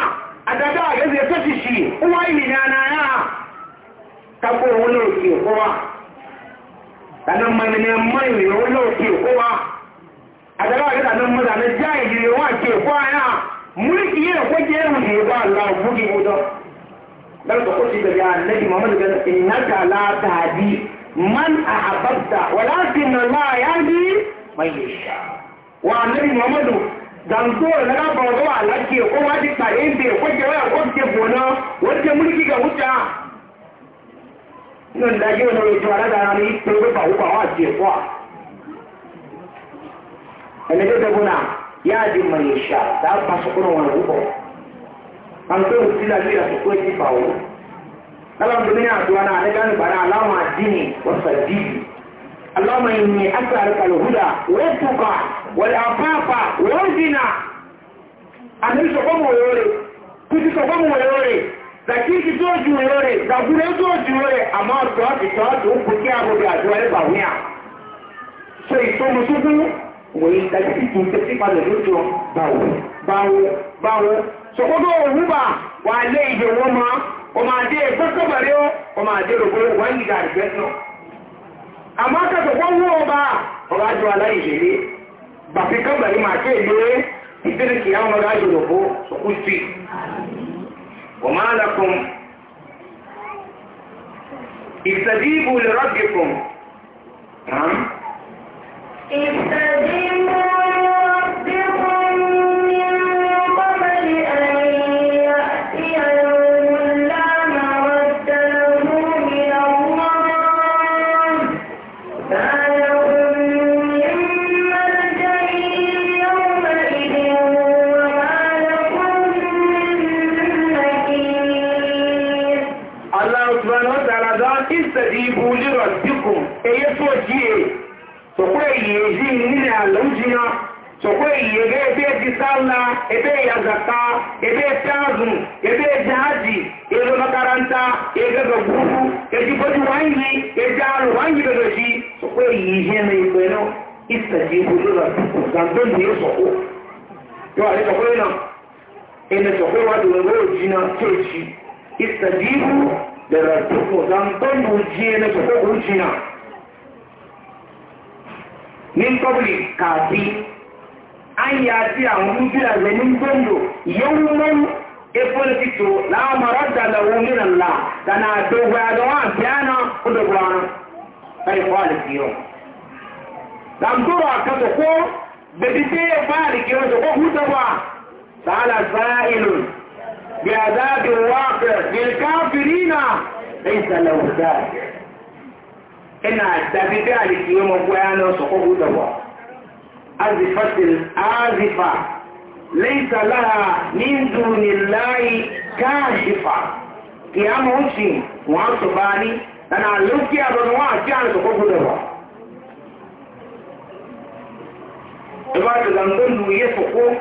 àdàdà àgbẹ̀bẹ̀ tó ti ṣì wọ́n ìmìnì ànáyà tako olóòkè kọwa tàná mọ̀mìnì mọ́ ìmìnì olóòkè kọwa àdàdà àgbẹ̀bẹ̀ tàná mọ́ tàná já ìdìrí wọn àti èkó àyà múlìkì yẹn kó jẹ́ ẹrù ní ìwà àlọ́ àbúgì gbọdọ̀ lẹ́nu tó kó ti bẹ̀rẹ̀ àlẹ́bí mọ́mọ́dé bẹ̀rẹ̀ ìnáta látàdí man àbábdà wọ́n láti mai sha wa annabi muhammadu ganzo da na ba ga wa lake ko ma ji ta inda ko ke waya ko ke bona wanda mulki ga wuta nan da ji wannan jara da ni to ba ba wa ji ko ne da buna ya ji mai sha da ba su kuma wannan ko an to sila ji da ko ji ba wo Allah bin ya duwana ne gani bana alama dini wa sadidi اللهم إني أسألك الهدى والتقى والعفاف والغنى أمير سقوم ويوري كنت سقوم ويوري zakiki tó ju yore zagunle tó ju yore àmọ́ ọ̀tọ̀ ìtọ́ tó ń kú kí àbòbí àjọ ẹ̀ bà wíyà ṣe ìtòmùsùnkú wòye ìdájí tó ń tẹ́sí padà lójó báwo báwo báwo ṣòkòtò òwúbà wà lé ìdè wọn mọ́ ọmọ àdé ìgbésọ̀bàrẹ́ ọmọ àdé rògbòrò wọ́n yìí dà ìgbésọ̀ àmọ́ kẹ́kọ̀ọ́ wọ́n wọ́n bá ọba jù aláìṣeré bàfi kọ́gbà ní màá ké ìlú ìdílé kìí àwọn ọba jù lòkó òkú sí máa lè eji sallah ebe ya ebe tazu ebe jahaji ebe makaranta ebe ga eji boji wanyi eji alu wanyi ga gaji yi ihe na igbe no isa ji ibu lura tuku zanto ni yo yo ale soko ina ene soko wa duwe wo jina kechi isa ji ibu lura tuku zanto ni uji ene soko ujina min kobli kafi ayé àti àwọn mújúlá rẹ̀ ní gbòǹdò yóò mọ́ epo ní títò láwọn mọ̀rọ̀ dàlẹ̀ wo nínú ńlá dànà àdógbò àdánwò àbíánà ó dògbò àrùn láì fọ́ àlèkì yọ. làǹdóró àkàtọ̀ kó bèbí tí yóò fọ́ àlèkì yọ sọ́kọ́ kú sọ́wọ́ à sàálà sáà ìlú bí àdáàbí wáfẹ̀ nìkan fìrínà lẹ́yìn sàlẹ̀ òkúta. ina àdàbí bí àlèkì yọ mọ̀ أزفة الآزفة ليس لها من دون الله كاشفة قيام وشي وعصباني أنا علمتي أبنى وعشي على تقوم بدرة إبعاد لندن دوية سقوم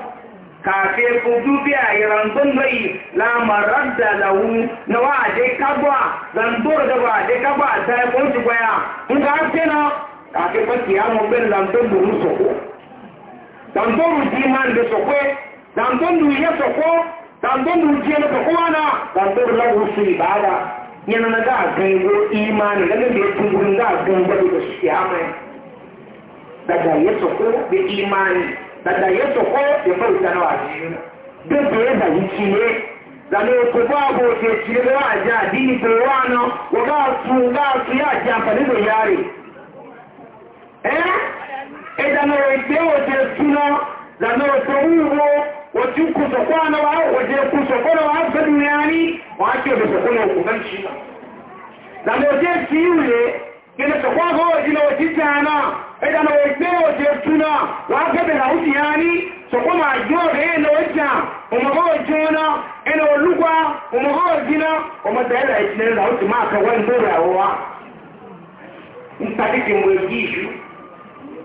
kàfẹ́ fojú bí àyẹ̀ràn tó ń lọ́yìn lámàrá dàlàwú na wá àdé kábọ̀ zàndóró dàbọ̀ àdé kábọ̀ àtàrẹ́kọ̀ọ́ ti gbáyà ń ká tẹ́nà kàfẹ́ fẹ́ kìí àwọn ọgbẹ́ ńlá tó ń lòún sọ̀kọ́ dandoro di iman de sokwe dandoro ya sokwe dandoro ji na sokwa na dandoro la wusu ibada yana na ga gango imani daga da ya tungurin ga gango da su ya mai daga ya sokwe da imani daga ya sokwe da bauta na wajiyu duk da ya zai ciye zane ko babu ke ciye da wajen adini ko wano wa ga su ga su ya ji amfani da yare eh idan waje waje suna da na wata wuwo waje kusa kwanawa waje kusa kwanawa ga duniyani wa ake da sakuna hukumanci da na waje kiwuye gina sakwaga waje na waje tana idan waje waje suna wa ga da hutiyani sokoma ajoge eno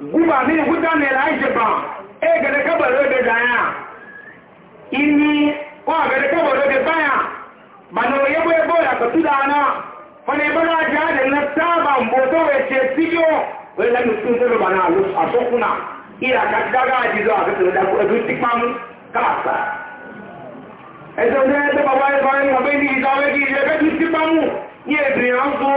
guba mini guta ne la aje ba e ga da kabaro da daya inni wa ga da kabaro da baya bano yebo yebo la ka tudana wani bara ja da na saba mboto we ce siyo we la mutun da bana lu asokuna ira ka daga ji zo a ga da ku du tikmamu kasa ẹjọ́ ní ẹjọ́ bàbá ẹgbà ẹgbà bẹ́ẹ̀ ní ìdáwẹ́gì ẹgbẹ́ tó ti bá mú ní ẹ̀bìnrin á ń gbọ́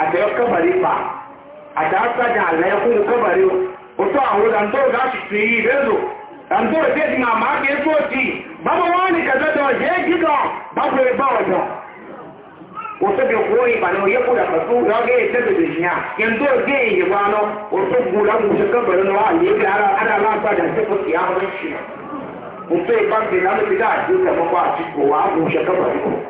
a tsaye kabari ba a ta hasa da Allah ya kuma kabari wato a wurin dandoro za su yi rezo dandoro zai ji mamaki ya soci babu wani kaza da waje ya gido babu ya ba wajen wato da koyi ba na ya kuda kasu da ga ya tabi da shiya yanzu ga ya yi ba na wato gula mutu kabarin wa ne ga ara ana lafa da ta fusi ya hannun shi wato ya ba da lamu da a cikin a cikin kowa a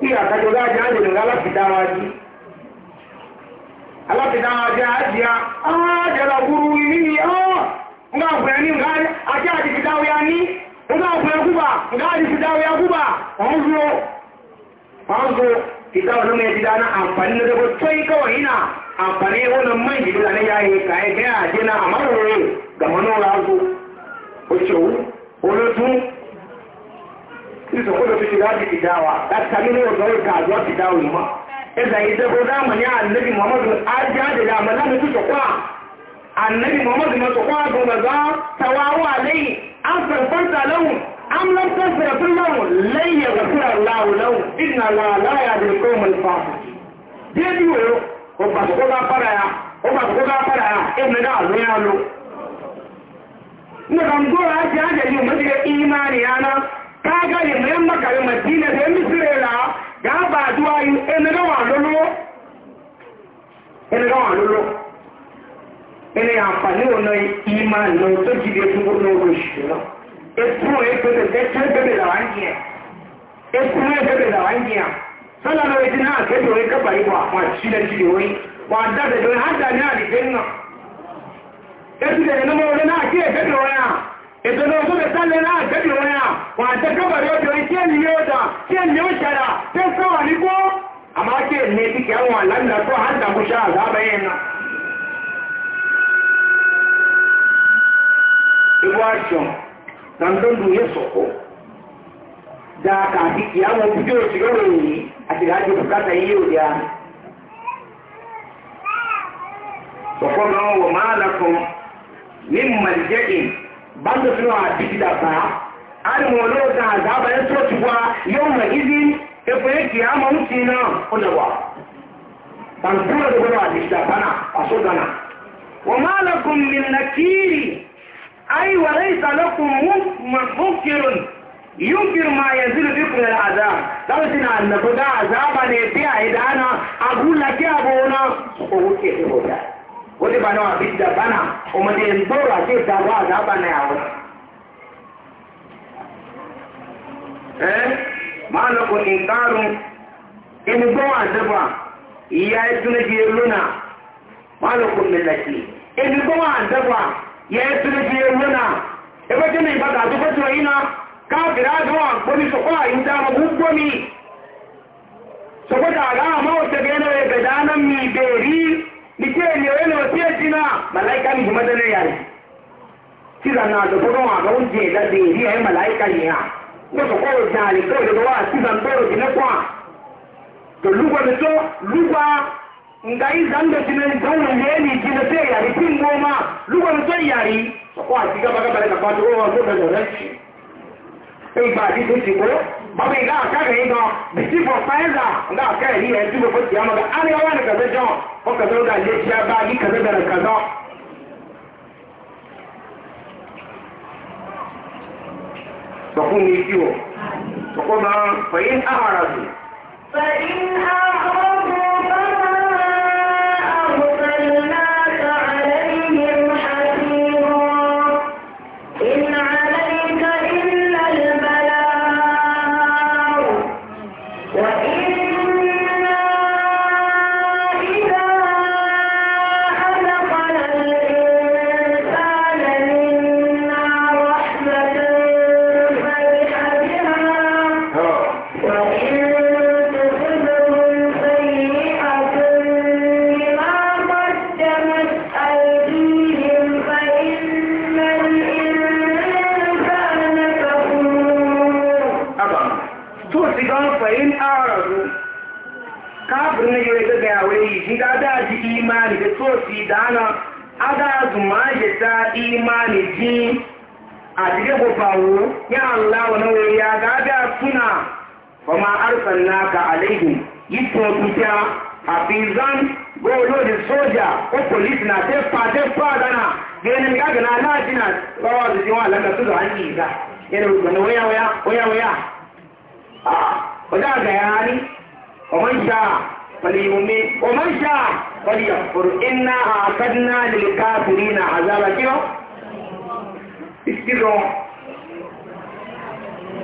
kí àkàjọ bá jẹ́ àjẹ́ lọ́la aláfìdára jí aláfìdára jẹ́ àjíyá gúrú ní ní ya àjẹ́ ní nga ọ̀pẹ̀ gúbà nga àjífìdáwíá gúbà wọ́n zo wọ́n zo ìdáwọn ọmọ ẹ̀dìdá na àǹfàní lọ́dọ́gbọ́ tó yí kọwọ̀ yí na àǹfàní wọn mọ́ ìdìbò lànà yá na àmàrò rẹ̀ ìsòkòtò fi ṣìgá di ìdáwà láti tàbí ní ọ̀dọ́ ìka àjọ ti dáwò yìí mọ́. ẹ̀sà ìdẹ́gbò dáàmù ní ànẹ́bí muhammadu ajé àjèjì àmọ́ láti tún sọ̀kọ́ à. ànẹ́bí muhammadu mọ̀ sọ̀kọ́ àgùn gbàgbọ́ tàwáwọ́ àlẹ́yìn àǹfẹ̀fẹ́ta lẹ́wùn àmúlẹ́fẹ́fẹ́ fún lẹ́wùn lẹ́yìn ẹ̀gbẹ̀fẹ́ aláwọ̀ lẹ́wùn ìdìnnà láàláyà àdìrẹ́kọ́ mọ̀lẹ́fà. débi wo o gbàgbọ́ bá padà yà o gbàgbọ́ bá padà yà ẹ̀mí náà lóyún àlọ́. nígbà ń gbọ́ kaga ya mayan makare madina da misirela ga ba duwa yi enaga wa lolo enaga wa lolo ene ya fani ona ima na oto jide tuwo na oro shiro etu o ebe de etu ebe de la wangiya etu ebe de la wangiya sala na wetin na kebe o eka bayi wa wa shida jide oyi wa da de don hada ni alijanna etu de na mo na ke ebe de oya ìtọ́nà ọdún mẹ́ta lè náà jẹ́bì wọn yà wọ́n àti kọ́bàrí obìnrin tí ènìyàn yóò dà tí ènìyàn ṣẹ̀dá tí ń sọ́wà ní kó àmá kí ènìyàn ti kẹ́ wọn àlàmìlà tó hàn dàmúṣà àlábẹ́yìn náà ìwọ àṣọ tàǹdọ́dù yẹ sọ̀kọ́ dáàkà àti kì àwọn ojú òṣìṣẹ́ ròyìn àti ìrájú náà wọ̀ máa lakọ̀ ní màlìjẹ́ bando suna a biki da ba an mono da azaba ya so tuwa yau ma izi ya fiye kiyama wuce na kunawa ban kuma da gaba a biki da bana a so gana wa malakun min nakiri ai wa laisa lakum mufkirun yunkir ma yanzu bikin al'azab zama suna annabu da azaba ne fiye a idana a ke abu na su ko wuce wani ba nawa bi bana kuma da yin dora ke ta wa za ba na yawo eh ma na ko in karu in go a daba iya yi tuna biye luna ma na ko millaki in go a daba ya yi tuna biye luna e ba tuna ba ta duka to ina ka kira ga wa gomi so ko ayi da ma gomi so ko da ga ma wata ga na ga danan mi beri ike ne wani wasiyar jina malaika ne kuma dana yare kira na da kuma wa ga wuce da da yi yayin malaika ne ya ko ko ko da ne ko da wa kira na doro ne kwa to lugwa ne to lugwa ngai zanda jina ne don ne ne jina sai yare kin goma lugwa ne to yare ko a ci gaba gaba da ka fato wa ko da ranci ìgbàdí tó ti kó bọ́bí ìgbà àkàrẹ̀ yìí gan bìtì fọ fáyẹ́sà ìgbà àkàrẹ̀ ẹ̀ tí mo fọ́tì àmọ́ gan ní kẹfẹ́ jọ wọ́n kẹfẹ́ ó dà tí a bá yí kẹfẹ́ bẹ̀rẹ̀ kẹfẹ́. sọ̀kún ní kí o sọ̀kún máa fẹ̀yìn àhàrà jù. kawo ya Allah wa nawo ya gada suna kuma arsalna ka alaihi yi tokuta a fizan golo da soja ko police na te pa te pa dana ga gaga na laji na rawa da jiwa lalla su da hanji ga yana rubuta waya waya waya waya a wada ga yani wa man sha falyumin wa man sha falyakfur inna a'tadna lil kafirina azaba kiyo istigo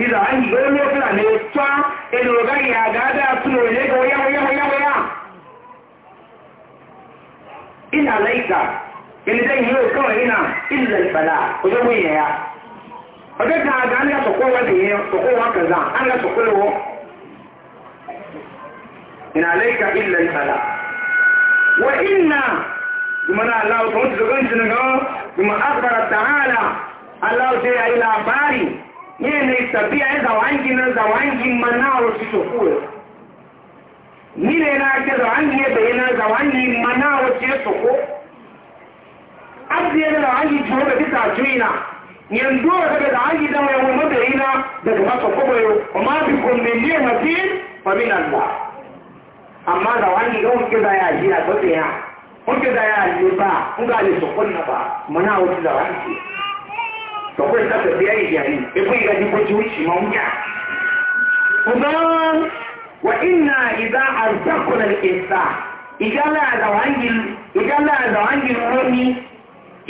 iza an yi ɗaya lokula ne tsa ɗaya ya gada su ne ga waya waya waya waya ina laika ina zai yi kawai ina illa fala ku zai wuya ya wajen ta ga an ga sokowa da yi sokowa kaza an ga sokowa ina laika illa fala wa inna gumana Allah yeye ni tabia za wangi na za wangi manao sisokuwe nile na ke za wangi ebe na za wangi manao sisoku abdi na wangi jombe kita tuina nyendo ka za wangi da wa mu da ina da ka so ko boyo amma bi ko min ne za wangi ga mun da ya ji na to ya mun da ya ji ba mun ga le na ba manao da tọ̀pọ̀ ìtàkùn bí ẹ̀yìn ìyàní epo ìgbàjú kó ti wíṣì mọ́ ń jà. ṣùgbọ́n wà ìnà ìdá àrùsákùnà ìsà ìjálá àdàwáńgì lóní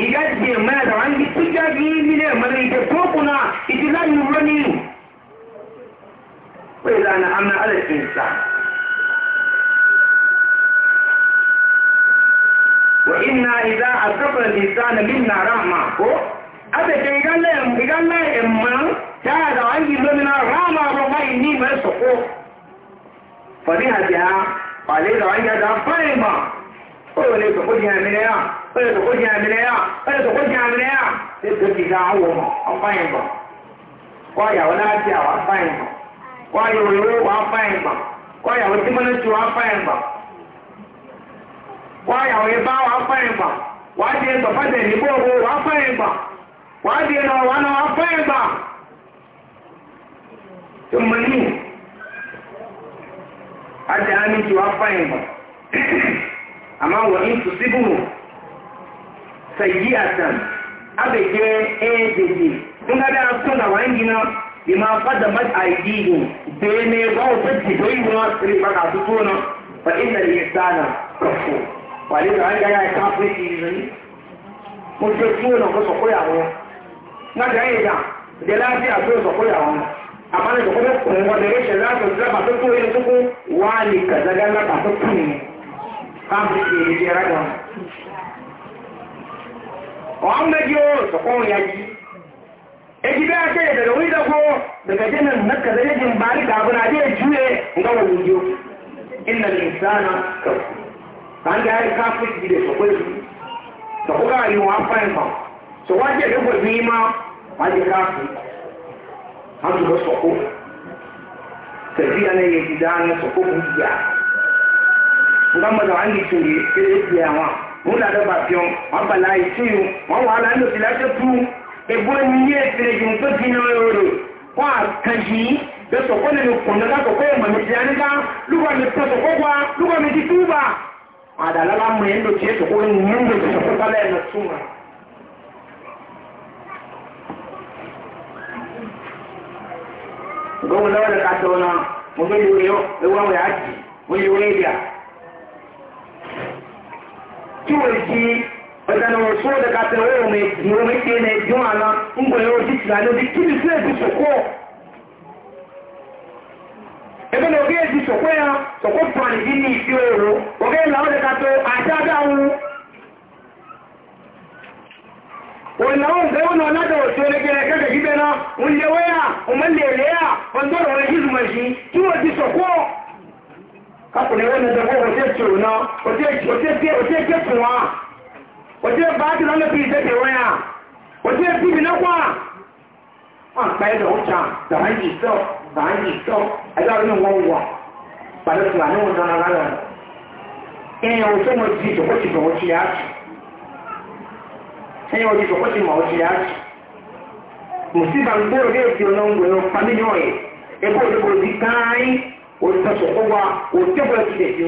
ìgájì ẹ̀mọ́ àdàwáńgì tó jáde nílẹ̀ mọ́lẹ̀ ìjẹ́ tókùnà ìdíláyìn lóní. pé ìlànà àmà alẹ́ ìsà وإنا إذا أصبنا الإنسان منا رحمة adadin gala imma ta da an yi zomina rama rama ni mai sako fari hajiya kwale da wani gada fari ma kwallo ne sako jiya mine ya kwallo sako jiya mine ya kwallo sako jiya mine ya sai ta ji ga awo ma an fayin ba kwaya wani ajiya wa fayin ba kwaya wuri wa fayin ba kwaya wani timanci wa fayin ba kwaya wani ba wa fayin ba wa ce ta fadar ni bobo wa fayin ba wádìíra wà náà afẹ́ ẹgbà tó mọ̀ ní àti àmì tí wà fẹ́ ẹgbà àmá wọ̀ ní tùsíbùrù sẹ̀yí àtàn abẹ̀jẹ́ ẹ́ẹ̀dẹ̀dẹ̀ tó ń gádá tó nà wáyé gina ìmá fádà má àìdí ìlú bẹ́ẹ̀ ní wáwọ̀ tó ti bẹ́ ìlú wọn sí ìgbà kà tó náà fa ilẹ̀ yìí sáànà kọ̀fọ̀ wà nígbà wọn gáyà ẹ̀ká fún ìlú yìí mo ṣe fún ọ̀nà kó sọ pé àwọn na jaye da da lafiya so so koya wa amma da kuma kun wanda ya shi lafiya da ba to yin suku wali ka daga na ba to kun kan bi ke jira da wa amma yo so ko ya ji e ji ba ke daga wuri da ko daga jinin nakka da jin bari ka abu na je juye ga wani yo inna al-insana kafur kan ga ya kafir bi da so ko so ko so wọ́n jẹ́ ìdókòwò ní í máa wọ́n á jẹ káàkiri wọ́n tún lọ sọ̀kó tẹ̀sí yẹn yẹ ti dáa ní sọ̀kó kù jìyà nǹkan mọ̀tò wọ́n á ní tòye kéde ti àwọn wọ́n là dọ́gba fiọ́n wọ́n bàlá ìtúyù wọ́n wà á lánàá òsì láti pú egbó ni yé ìpìlẹ̀ jù tó ti yan ọ̀rọ̀ wọ́n à kàn yìí bẹ́ẹ̀ sọ̀kó nínú kùnà lásọ̀kó yẹn mọ̀mí ti yáníká lúgbà mi tó sọ̀kó wa lúgbà mi ti túbà àdàlálà mọ̀ yẹn lò tiẹ̀ sọ̀kó yẹn mi sọ̀kó sálẹ̀ ẹ̀ nà gbogbo lọ́wọ́ lè ka tó náà mo fẹ́ yóò yọ ewu àwọn yà á jì mo yóò yẹ bíà. tí wọ́n ti ọ̀sán náà sọ́wọ́ lè ka tó owó mi ní omi tí ní ẹ̀dùn àná ń gbọ́ yóò ti tìlá lóbi kí ni sílẹ̀ ti sọ̀kọ́. ebe na oge ti sọ̀kọ́ ya sọ̀kọ́ pàǹdì ní ìfi òru oge làwọn lè ka tó àti àdáwù. wannan zaune wani da wasu na gina kaga gibe na wunde waya umar leleya wanda da wani shi ki wa ji sako kaku ne wannan da kowa wace ce na wace ke tuwa wace ba ta zanga fi zafe waya wace fi bi na kwa an ah, kpaye da wuce da hanji sau da hanji sau a zaɓi nan wawuwa ba da tunanin wannan ranar ɗaya wasu mai ji da wace da wace ya ẹni wọ́n ti sọ̀kọ́ ti mọ̀ ọ́ ti yá. mùsíbà ń gbọ́rọ̀ ní èsì ọ̀nà ògbè náà pàmílì ọ̀yẹ̀ ẹgbẹ́ òdòdó ti káyí òtítọ́sọ̀kọ́ wa òtẹ́bọ̀ ti dẹ̀jú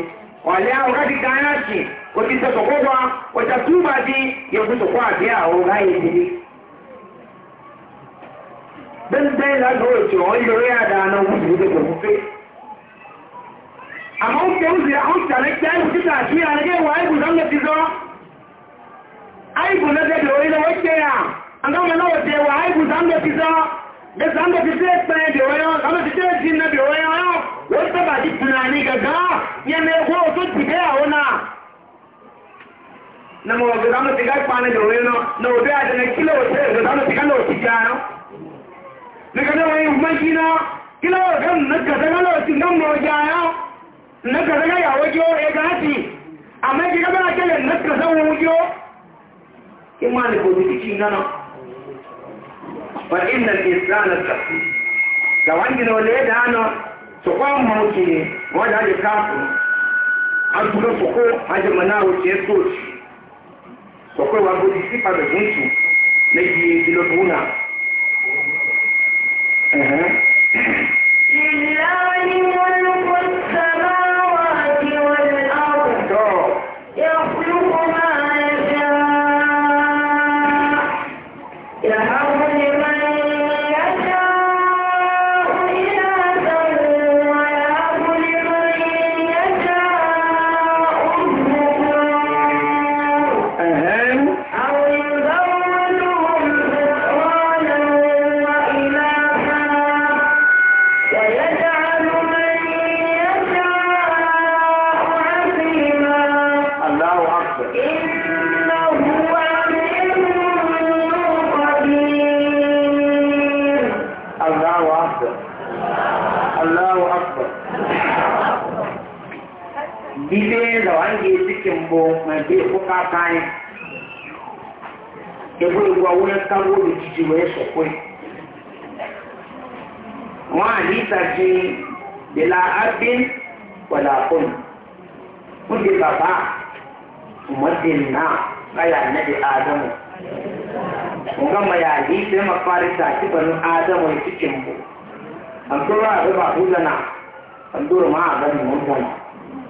ọ̀lẹ́ àwọn káàdì káyá sí òtítọ́sọ̀kọ́ wa ọjà túbà di yẹ̀kùsọ̀kọ́ àti àwọn ọ̀gá ìdílé. bẹ́ẹ̀ lọ́dọ̀ òjò ọ̀ lórí àdáná wùdí àmọ́ ó kẹ́ òsì àwọn ìtàlẹ́ kẹ́ òsì tààtì àrẹ́gẹ́ wàá ìbùdó ń lọ ti lọ aibu na da da wani wacce ya an gama na wace wa aibu zan da fita da zan da fita ya tsaye da wani zan da fita jin na gaga ya mai ko wato fita ya wana na ma na wato ya da na kila wato ya na wato ya na na kada wani mashi na kila wato na kada na wato nan ma na kada ya wajen ya gaci amma kika imani ko ti ci nana fa inna al-insana kafu da wangi no le da no so ko mo ki wa da ji kafu an tulo so ko aje mana o ce so so wa bo ti ti pa de guntu ne ji ti lo tuna eh eh lillahi mulku as kọ́ni ó di bàbá mọ̀dé na káyà nẹ́bi ádámù gama ya yi sai mafarisa ki banu ádámù ya cikin mu an tura a ba ku an ma a gani mun zana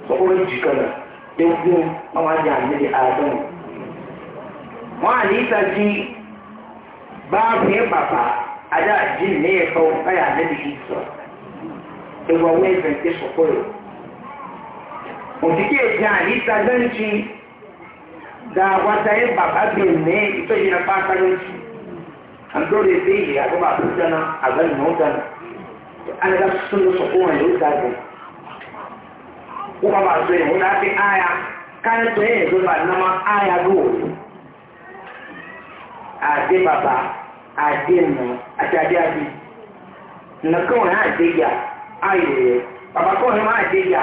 so ya yi kana dan ku ma ya nẹ́bi ba wọn àní ìtají báàbù yẹn bàbá adá jí ní ẹ̀kọ́ káyà nẹ́bi ìsọ òtítẹ́ ìjà àyíká gbẹ́ǹtì dàgbàtà ẹ̀ bàbá bèèrè ìtọ́ ìyẹn apá akáyọ̀tì àgbọ̀rẹ̀ ẹ̀fẹ́ yìí àgbọ̀bà àbújá náà àgbẹ̀rẹ̀ náà dáná alẹ́ka wọn yóò dàgbẹ̀ wọ́n bá sọ ìwọ́n láti áyà ya, tó yẹ ẹ̀dọ́ bá nàmá àdé bàbá àdé àti àdé wọn àdé yà bàbá kọ́ wọn àdé yà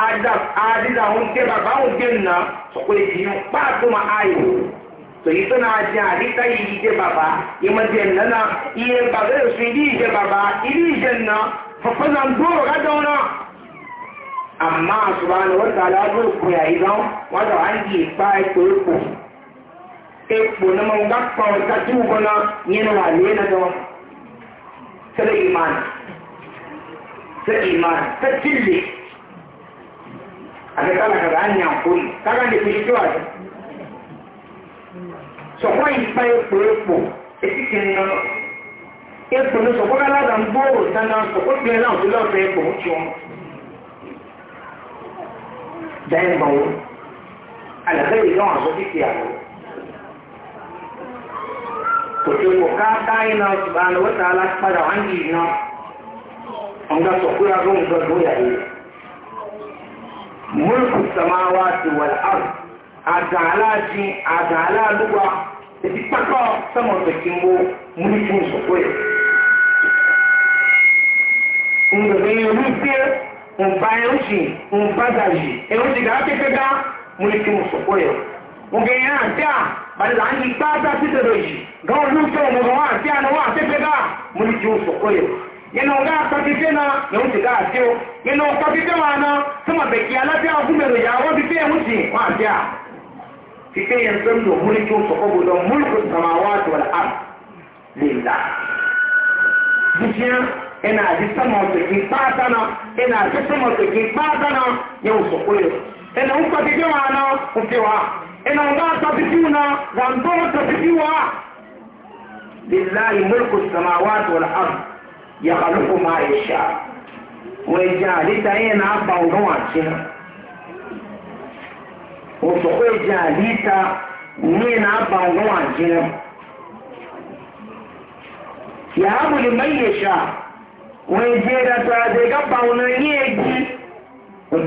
adab adi da hun ke ba ba hun ke na so ko ti yo pa ko ma ayo so ito na adi adi ta yi ke ba ba ye ma je na na ye ba ga su di ke ba ba i di je na fa fa na do ga do na amma subhanahu wa ta'ala do ko ya i do wa do an di pa ko ko e ko na ma ga pa ta ju ko na ye na wa ye na do sai iman sai iman sai tilli àtẹ́kálà kàdà á ní àpòyì kága lè fi ṣíjọ́ àjẹ́ sọ̀kọ́ ìpa epo epo etí ti nà epo ní sọ̀kọ́ alága ń gbóòrò sáná sọ̀kọ́ tiẹ̀ náà tó lọ́ọ̀fẹ́ epo ń tiọ́ dáhìn bọ̀wọ́ àlàfẹ́ yìí náà sọ títí àwọ̀ kò tó kò ká táyì náà ṣùgbọ́n àwọn wọ́tà wọ́n ń yìí náà ọ̀gá sọ̀kọ́ yà ló ń gbọ́dọ̀ yà yìí mulku samawati wal ard agalaji agalaluwa ebi kpakọ sama ọtọkin wo mulku nsọkọ yẹ ngbe ewu pie nba ewusi nbadaji ewusi gaa pepe gaa mulku nsọkọ yẹ ngbe yẹn ati a bari la anyi gbaa ta ti dodo yi gawo lu tẹ ọmọ wọn ati a na wọn ati pepe gaa mulku nsọkọ yẹ nínú ọgá àpapípé náà lòun ti dá àti ó nínú ọpapípé wa náà tó mọ̀ bẹ̀kì aláfíà ọgbùnmẹ̀rọ ìyàwó pípé ẹ̀hún sí wọn àti à pípé yẹn tó ń lò múlí tó sọ̀kọ́ gbọdọ̀ múlí kò sọ̀mà wá tó rà á lè là. jíjẹ́ ẹnà àti sọ́mọ̀ ọ̀sẹ̀kì pátá náà ẹnà àti sọ́mọ̀ ọ̀sẹ̀kì pátá náà yẹ wò sọ̀kọ́ yẹ ẹnà ń papípé wa náà kò fi wa ẹnà ọgá àpapípé náà wà ń bọ́ ya halufu ma ya sha wai ji halitta yana ba wa ne na ba wa cin ya hamuli mai ya da ta zai gaba wani yi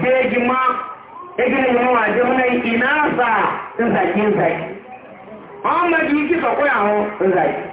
egi ma egi ne wani wajen wani ina sa in zaki in zaki amma ji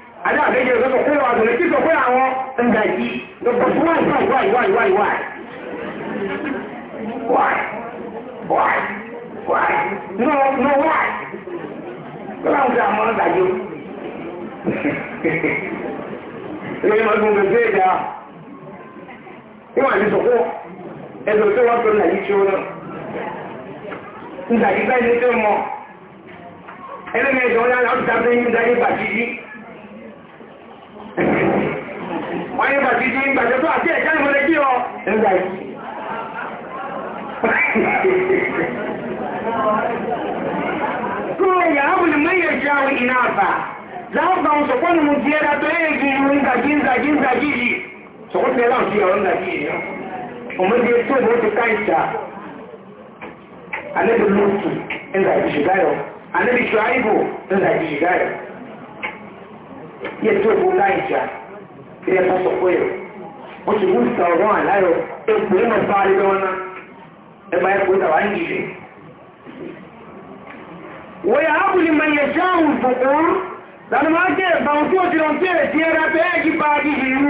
àdá àgbẹ̀jẹ̀ lọ́sọ̀ pé wà lórí kíkọ pé àwọn ẹ̀ǹdà ìdí lọ́pọ̀ fún wáì wáì wáì wáì wáì wáì wáì wáì wáì no no wáì kọ́lá ń gbé àwọn ọ̀dàjọ́ ìwé ma gbọ́n gbèsè ìjà ìwà ní sọ̀kọ́ ẹ̀dọ̀ tó wá tó nàìjí tí ó náà ń dàjí báyìí ní tó mọ̀ ẹlẹ́mẹ̀ẹ́jọ́ ọ̀yá láti dàbí ń darí bàjíjí wọ́n yẹ́ bàtí jí ń gbàjẹ́ tó àti ẹ̀jẹ́ ìmọ̀lẹ́ kí ọ ẹgbà yìí kó yà á wùlì mọ́ yẹ̀ jáwé iná àbá láàbà ń sọ̀kọ́ nù mú di ẹ̀dá tó yẹ́ ìgbì ìlú ń gàjí ń gàjí ń gàjí yìí sọ̀kọ́ tẹ̀ láwọn sí ọ̀rọ̀ ń gàjí yìí ọmọdé tó ìwé ti ká ìta anẹ́bí lóòtù ń gàjí ṣùgáyọ̀ anẹ́bí ṣùáìbò ń gàjí ṣùgáyọ̀ yẹtọọbù láìjà kí ẹ sọsọ pé yọ wọn ti wúlò sọ ọgbọn àláyọ egbò ẹ máa bá a wọn náà ẹ máa egbò ń yìí rẹ. wọ́n yà á yẹ sáà wù fòkòrò lànà máa jẹ́ ìbáwọn tí ó ti rán sí ẹ̀ tí ẹ rà bẹ́ẹ̀ kí bá a di ìlú.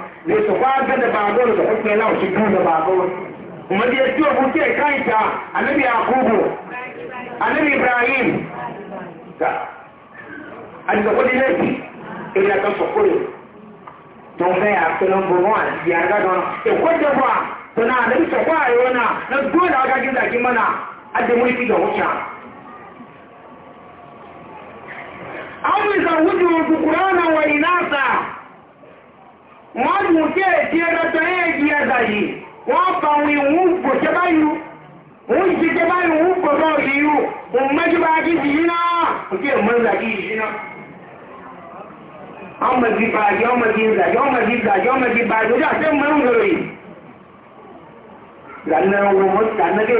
ne su kwaga da bago da kuke lau shi kan da bago kuma da ya ciwo buke kanta annabi yakubu annabi ibrahim ga an da kudi laifi ila kan su kuri to ga ya kullum buwa ya ga don e kwaje ba kuna annabi su kwa yona na dole ga gida kin mana adda mulki da wuce أو إذا وجدوا ذكرانا وإناثا wọ́n mú kí èdè ẹ̀dọ́tọ̀ èdè ẹ̀dà yìí wọ́n fàwọn ìwọ̀n gòkè báyìí wọ́n ti gẹ́ báyìí wọ́n kò bọ́ yìí o wọ́n mẹ́jọ bá kí yìí náà kò kí èmọ́ ìlàjì náà. ọmọ ti bàjẹ́ ọmọ ti ìlàjì ọmọ ti ìlàjì ọmọ ti bàjẹ́ ojú àti ẹ̀mọ́ ìwòrò yìí. lànà wọn mọ sànàgé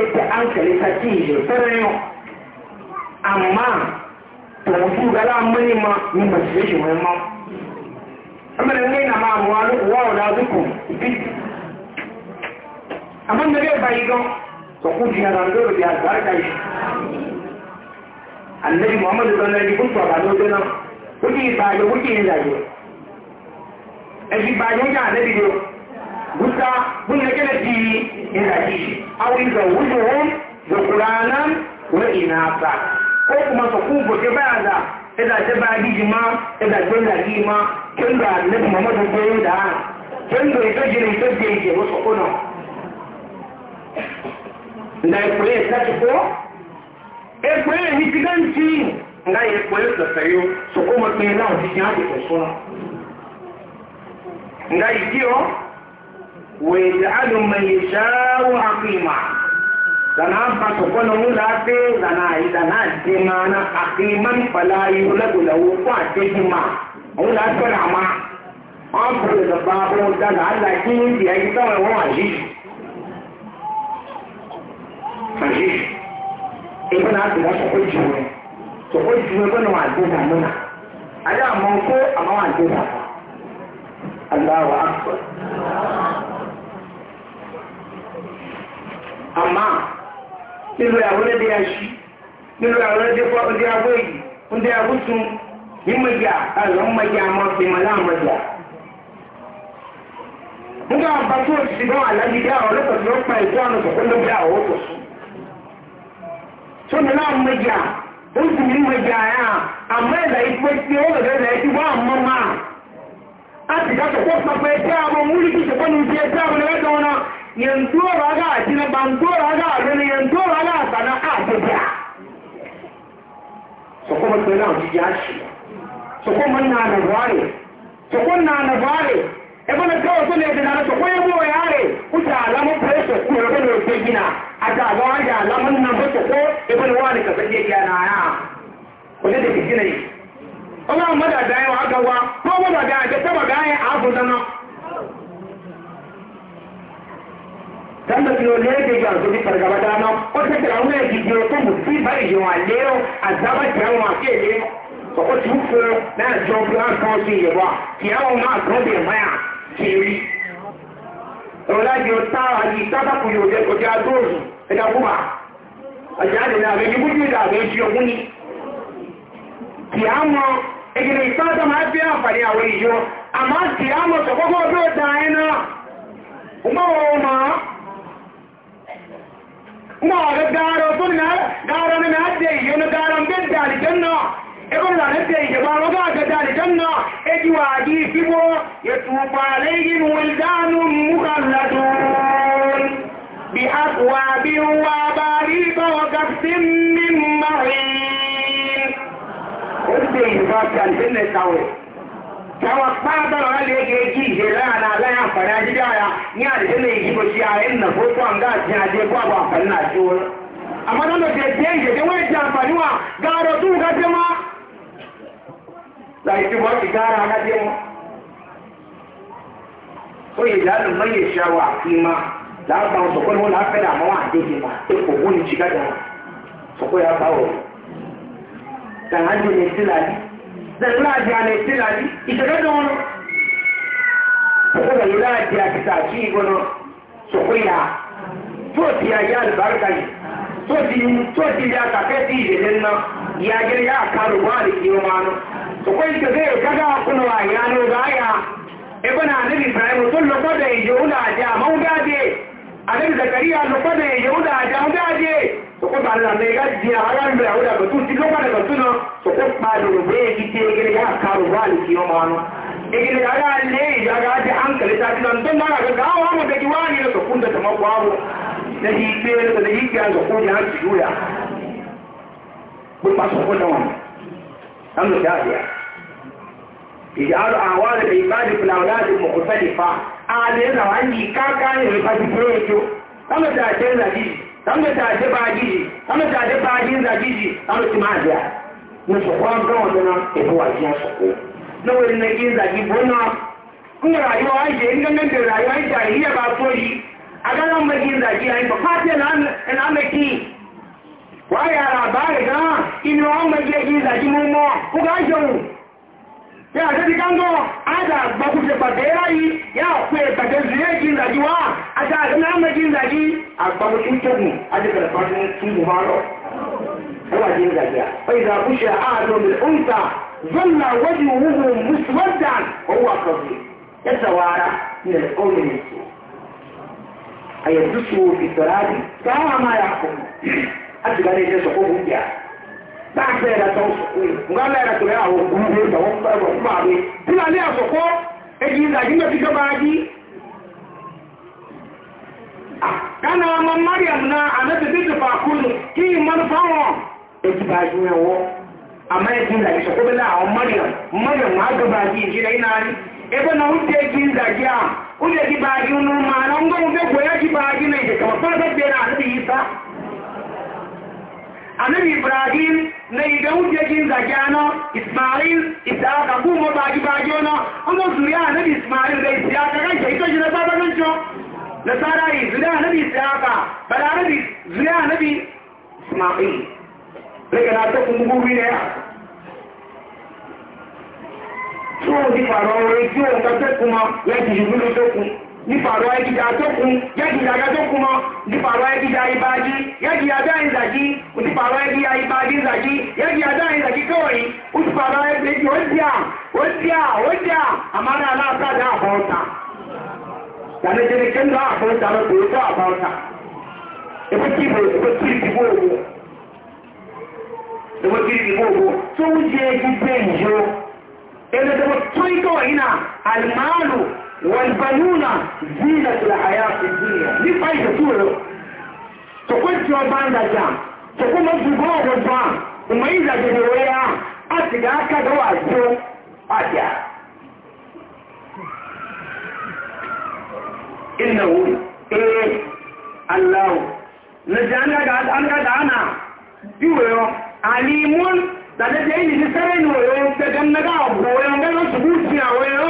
amma da nuna ma amwalu wa wala zuku bi amma da bai bai don to ku ji ran do da barka shi annabi muhammad sallallahu alaihi wasallam ba do dana kuji ba da kuji ne da yo eji ba don ga annabi do gusta bun ne kana ti ne da shi awin da wujuhum da qur'anan wa inasa ko ẹ̀dà tẹ́ bá gíjì má ẹ̀dà tẹ́ ń dàgí má kéńdà lẹ́bù mọ́mọ́dún gbé ń dà án kéńdà ìtọ́jú ní ìtọ́jú ìjẹ̀ wọ́n sọ̀kọ́ náà. ǹda ìpínlẹ̀ ìtàkì fọ́ ìpínlẹ̀ ní ti gáǹtì ǹda ìpínlẹ̀ sọ̀fẹ̀ yó sọ̀kọ́ mọ́ pé náà ti jẹ́ àdìpọ̀ sọ́nà. ǹda ìdí ọ wẹ̀ẹ́dà alùmọ̀yẹ̀ṣáwó àfihàn zana bato kono wula pe zana yi zana di mana akiman fala yi wula wula wu ko a te di ma wula tora ma an bolo da babo da la ala ki yi di ayi kawai wọn a yi a yi ebe na ati da soko juwe soko juwe kono wa de da nuna ale a mọ ko a wa de da Allahu akbar amma nílò àwọn ẹdẹ aṣí nílò àwọn ẹdẹ fọdẹ agbóyè ndé abútún nímọ̀jà àlọ́ mọ̀jà àmọ́ fìmọ̀lá àmọ̀jà. nígbà àbátú òṣìṣẹ́ náà alágídé àwọn ọlọ́pàá tó ń pa ìjọ àwọn ọ̀sọ̀kọ́ ló dá àwọn òkò sùn. sọ́nà náà mọ̀jà ó sì ní mọ̀jà yá àmọ́ ẹ̀dà ìpè tí ó rẹ̀ rẹ̀ ti wá àmọ́ máa. a sì dá sọ̀kọ́ pàpẹ́ ẹgbẹ́ àwọn múlíkì sọ̀kọ́ ní ti ẹgbẹ́ àwọn ẹgbẹ́ gbẹ̀rẹ̀ àwọn jíjá ṣì sọ̀kọ́ mọ́ náà nà yẹ bó yà rẹ̀ ó ti àlámọ́ pẹ̀lẹ́ sọ̀kú ẹ̀rọ bẹ́ẹ̀ lọ́ọ́ gbẹ̀gì àti àwọn àlámọ́ nà bọ́ sọ̀kọ́ ẹgbẹ́ wà ní kàfẹ́ jẹ́ ìyá náà sanda kilo lege ya zobi fargaba dama wata kira wani ya gidiyo to musiba yi yawa lero azaba kira wa ke lero so ko tufu na jobi an kan su yi ba kiyawo ma kan bai maya kiri ọlá di ọta àti tábàkù yóò jẹ kọjá dóòzù ẹ̀dá fúnbà àjáde náà rẹ̀ yíwú jù ìdàgbé jí ogún ni kì á mọ ẹgbẹ̀rẹ̀ ìsáàtọ̀ máa bí àǹfààní àwọn ìjọ àmá kì á mọ sọ̀kọ́kọ́ ọdún ọ̀dà ẹ̀ náà nga ga garo tun na garo na na de yo na garo be dali janna e ko na de ye ba ro ga ga dali janna e ji wa ji fi bo ya tu ba alayhi wildan mukhalladun bi aqwabi wa barib wa kafsin min ma'in ko de ba kan tin ne tawe kama kpadara ala ga eji ihe laya na ala ya amfani ajiri aya ni a dede na eji gosi ya ina ko kwa nga ji aje kwa bu amfani na ji wuri amma nan da ke je je je ji amfani wa ga otu tu ga je ma Na ki ba ki gara ga je mu ko yi da lu mai shawa kima da ba so ko wala fa da ma wa de ki ma e ko wuni ci ga da so ko ya ba wo dan hanji daga laji a mai tilali ita ga don wani ko da laji a kita shi gono su kuya to ti ya yi albarka ne to ti to ti ya ka kai ti da nan ya gir ya karu ba da kiyo ma no to kai ka ga kaga kuna wa ya no ga ya ibn annabi ibrahim to lokada yi jula ja mauda de annabi zakariya no ko da yahuda da yahuda je so ko ba la mega ji haran da yahuda ba tuti lo ba da tuno so ko ba do be ki te gele ya karu wali ki no manu egele ga ga le ya ga ji hankali ta tilan don na ga ga wa adena wangi kaka ne ba ji proto amma ta ce zaji amma ta ce baji amma ta ce baji zaji amma ya jadi kango ada babu je badera yi ya ku e badera ye jinda jiwa ada na ma jinda ji akbabu tuchu kala patu tuchu haro wala jinda ya fa idha bushira ahadu bil unsa dhalla wajhuhu muswaddan wa huwa kadhib yatawara min al qawmi ayadusu fi saradi kama ma yakum atigare je sokobu ya táàbẹ̀ ẹ̀dà tó ńgá lẹ́ẹ̀dà tó lẹ́yà òkú ní ìtọ̀wọ́ pẹ̀lú ọ̀pá mi tí lálẹ́ àkọ́kọ́ èyí ìdàjí mẹ́fi jọba jí kánà ọmọ mariam náà àmẹ́tẹ̀ títí fàákùnù kí ìmọ̀nù fáwọn èyí bá jí ẹ̀wọ́ àmọ́ èyí ìdàjí sọ̀kọ́ bẹ́lá àwọn mariam mariam máa jọba jí ìjìnlẹ̀ na wúti èyí ìdàjí à ó lè jí bá jí nù annabi ibrahim na iga wujejin zagyano ismail isaka gumo bagi bagi ono amma zuriya ismail da isaka kan shi ita shi na saba kan shi na sara yi zuriya annabi isaka bala annabi zuriya annabi ismail daga na ta kuma gubi ne so di faro re ti o ka kuma ya ti jibulu nípàrọ̀ ẹgbìdà tó kún yẹ́gbìdà ga tó kún mọ́ nípàrọ̀ ẹgbìdà ìbájí yẹ́gbìdà dá ìzàjí nípàrọ̀ ẹgbìdà ìbájí ìzàjí yẹ́gbìdà dá ìzàjí tó wọ̀nyí nípàrọ̀ ẹgbìdì ó dí à ó dí à ó dí à àmàrà aláàtàdà àbọ̀ọ̀ta yàtọ̀jẹ̀ni kẹ́ńdà àbọ̀ọ̀ta ló kò tó àbọ̀ọ̀ta ebe tí ìbò ebe tí ìdìbò òwò ebe tí ìdìbò òwò tó ń jẹ ẹgbẹ́ ìjọ ẹgbẹ́ tó tó ìtọ̀ yìí na àlùmáàlù والبنون زينة الحياة الدنيا دي فايدة سورة تقول جوابان دا جام تقول مجبوه غربان وما إذا جنوية أتجا كدوا جو أتيا إنه إيه الله نجانا قد أنك دانا يويو عليمون da da jayi ni sare ni wo yo da gamna ga wo yo ga su buci a wo yo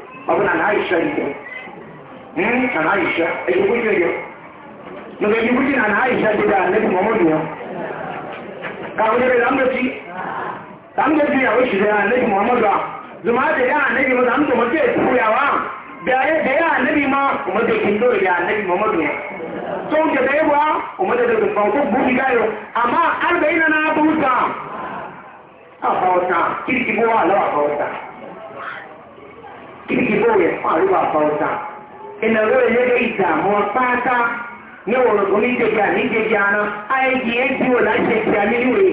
ọdún àná àìṣẹ́ ìjọ ẹ̀ẹ́n àná àìṣẹ́ ẹ̀yọ́kú jẹ́ yọ nígbà ìdíkú jẹ́ àná àìṣẹ́ dídá lẹ́bí mọ́mọ́dù yọ káwọn ẹgbẹ́ lámdọ́tí lámdọ́tí àwọn òṣìṣẹ́ àlẹ́bí mọ́mọ́dù à zùmọ́ àti ẹ̀yà àlẹ́bí mọ́mọ́dù àmì tòmọ́tì ẹ̀kú yà wá bẹ̀rẹ̀ ẹ̀yà àlẹ́bí mọ́ ọmọdé kìndó ìyà àlẹ́bí mọ́mọ́dù yọ tó ń jẹ́ bẹ́ẹ̀ wá ọmọdé tó gbọ̀n tó bú mi gáyọ̀ àmọ́ àgbẹ̀ yìí nana bú ta àbọ̀ta kìrìkì bó wà lọ́wọ́ àbọ̀ta ìdìbò yẹn fún àríwá fọ́ọ̀tà ìnáwó ẹlẹ́gbẹ́ ìdààmú pátá ní wọ̀rọ̀ tó níjẹjà níjẹjà náà àìjì éjì ò láṣẹ ti àmínúwe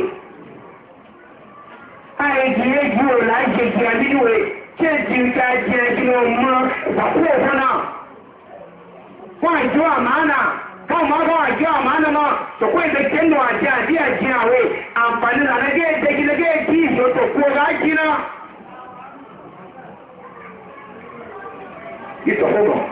àìjì éjì ò láṣẹ ti àmínúwe tí èjì ìta jẹ ẹjì wọn mọ ìpàkú òfin náà wọn àjọ àmàna káwọn máa bá àjọ àmàna náà tòkó ìdẹjẹ nù àjẹ àdí àjẹ àwẹ àǹfààní Get the hold on.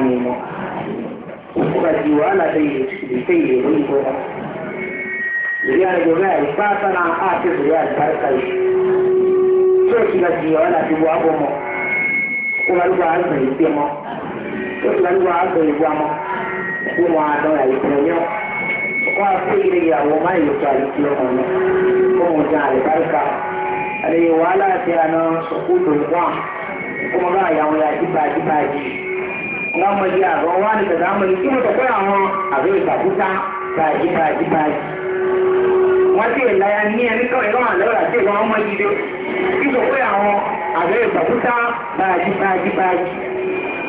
láàrin wọn kuka jiwana dai sai ya yi gora zuriya da gobe a ba sana a ce zuriya da barka yi so shi ga jiwana ti bu abu mo kuma ruwa an bai yi mo so shi ga ruwa an bai yi mo kuma don ya yi kunyo ko a sai da ya wo mai yi ta yi kilo mo ne ko mo ja da barka ale wala ta na su ku do kwa kuma ga ya wo ya ji ba ji ba ji wọn mọ di àgọ́ wọn ni bẹ̀rẹ̀ àwọn ìṣú mi tọ́kọ́ àwọn àbẹ̀ ìṣàkúta báyìí báyìí báyìí. wọ́n ti ẹ̀ láyà ní ẹni kọ́ ẹ̀rọ àlọ́ àti ẹ̀rọ ọmọ yìí dé kí tọ́kọ́ àwọn àbẹ̀ ìṣàkúta báyìí báyìí báyìí.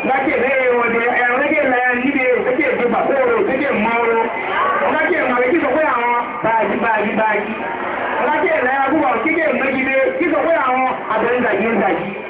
láti ẹ̀rẹ́ wọn dẹ ẹ̀rọ lẹ́jẹ̀ láyà níbi ìṣẹ́jẹ̀ ìṣe bàbá òru mọ́ọ́rọ́ láti ẹ̀rọ kí tọ́kọ́ àwọn báyìí báyìí báyìí. láti ẹ̀rẹ́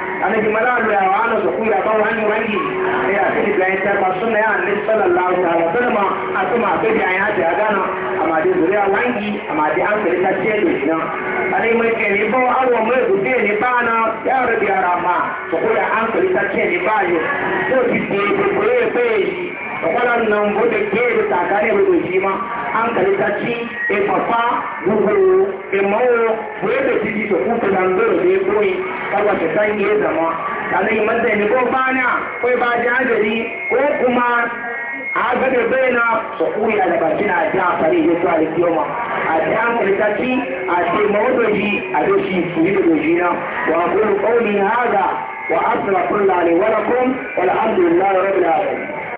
annabi malami a wani da kuma ban wani wani ya ta ji bayan ta fasu na ya annabi sallallahu alaihi wasallam a kuma a gaji an yaji a gana amma dai zuriya wangi amma dai an kare ta ce da shi nan annabi wannan nan wanda ke da tsakani mai doji ma an kare ta ci e fafa gugu e mawo wai da ci ji ta kuka nan da ya koyi kaga ta san ya zama sanai mazai ne ko bana ko ba jajiri ko kuma a ga da bayana su kuya da baki na ja fare ya zuwa da kiyoma a ta kare ta ci a ce mawo doji a doshi su yi da doji na wa qulu qawli hadha wa asra kullu li wa lakum walhamdulillahi rabbil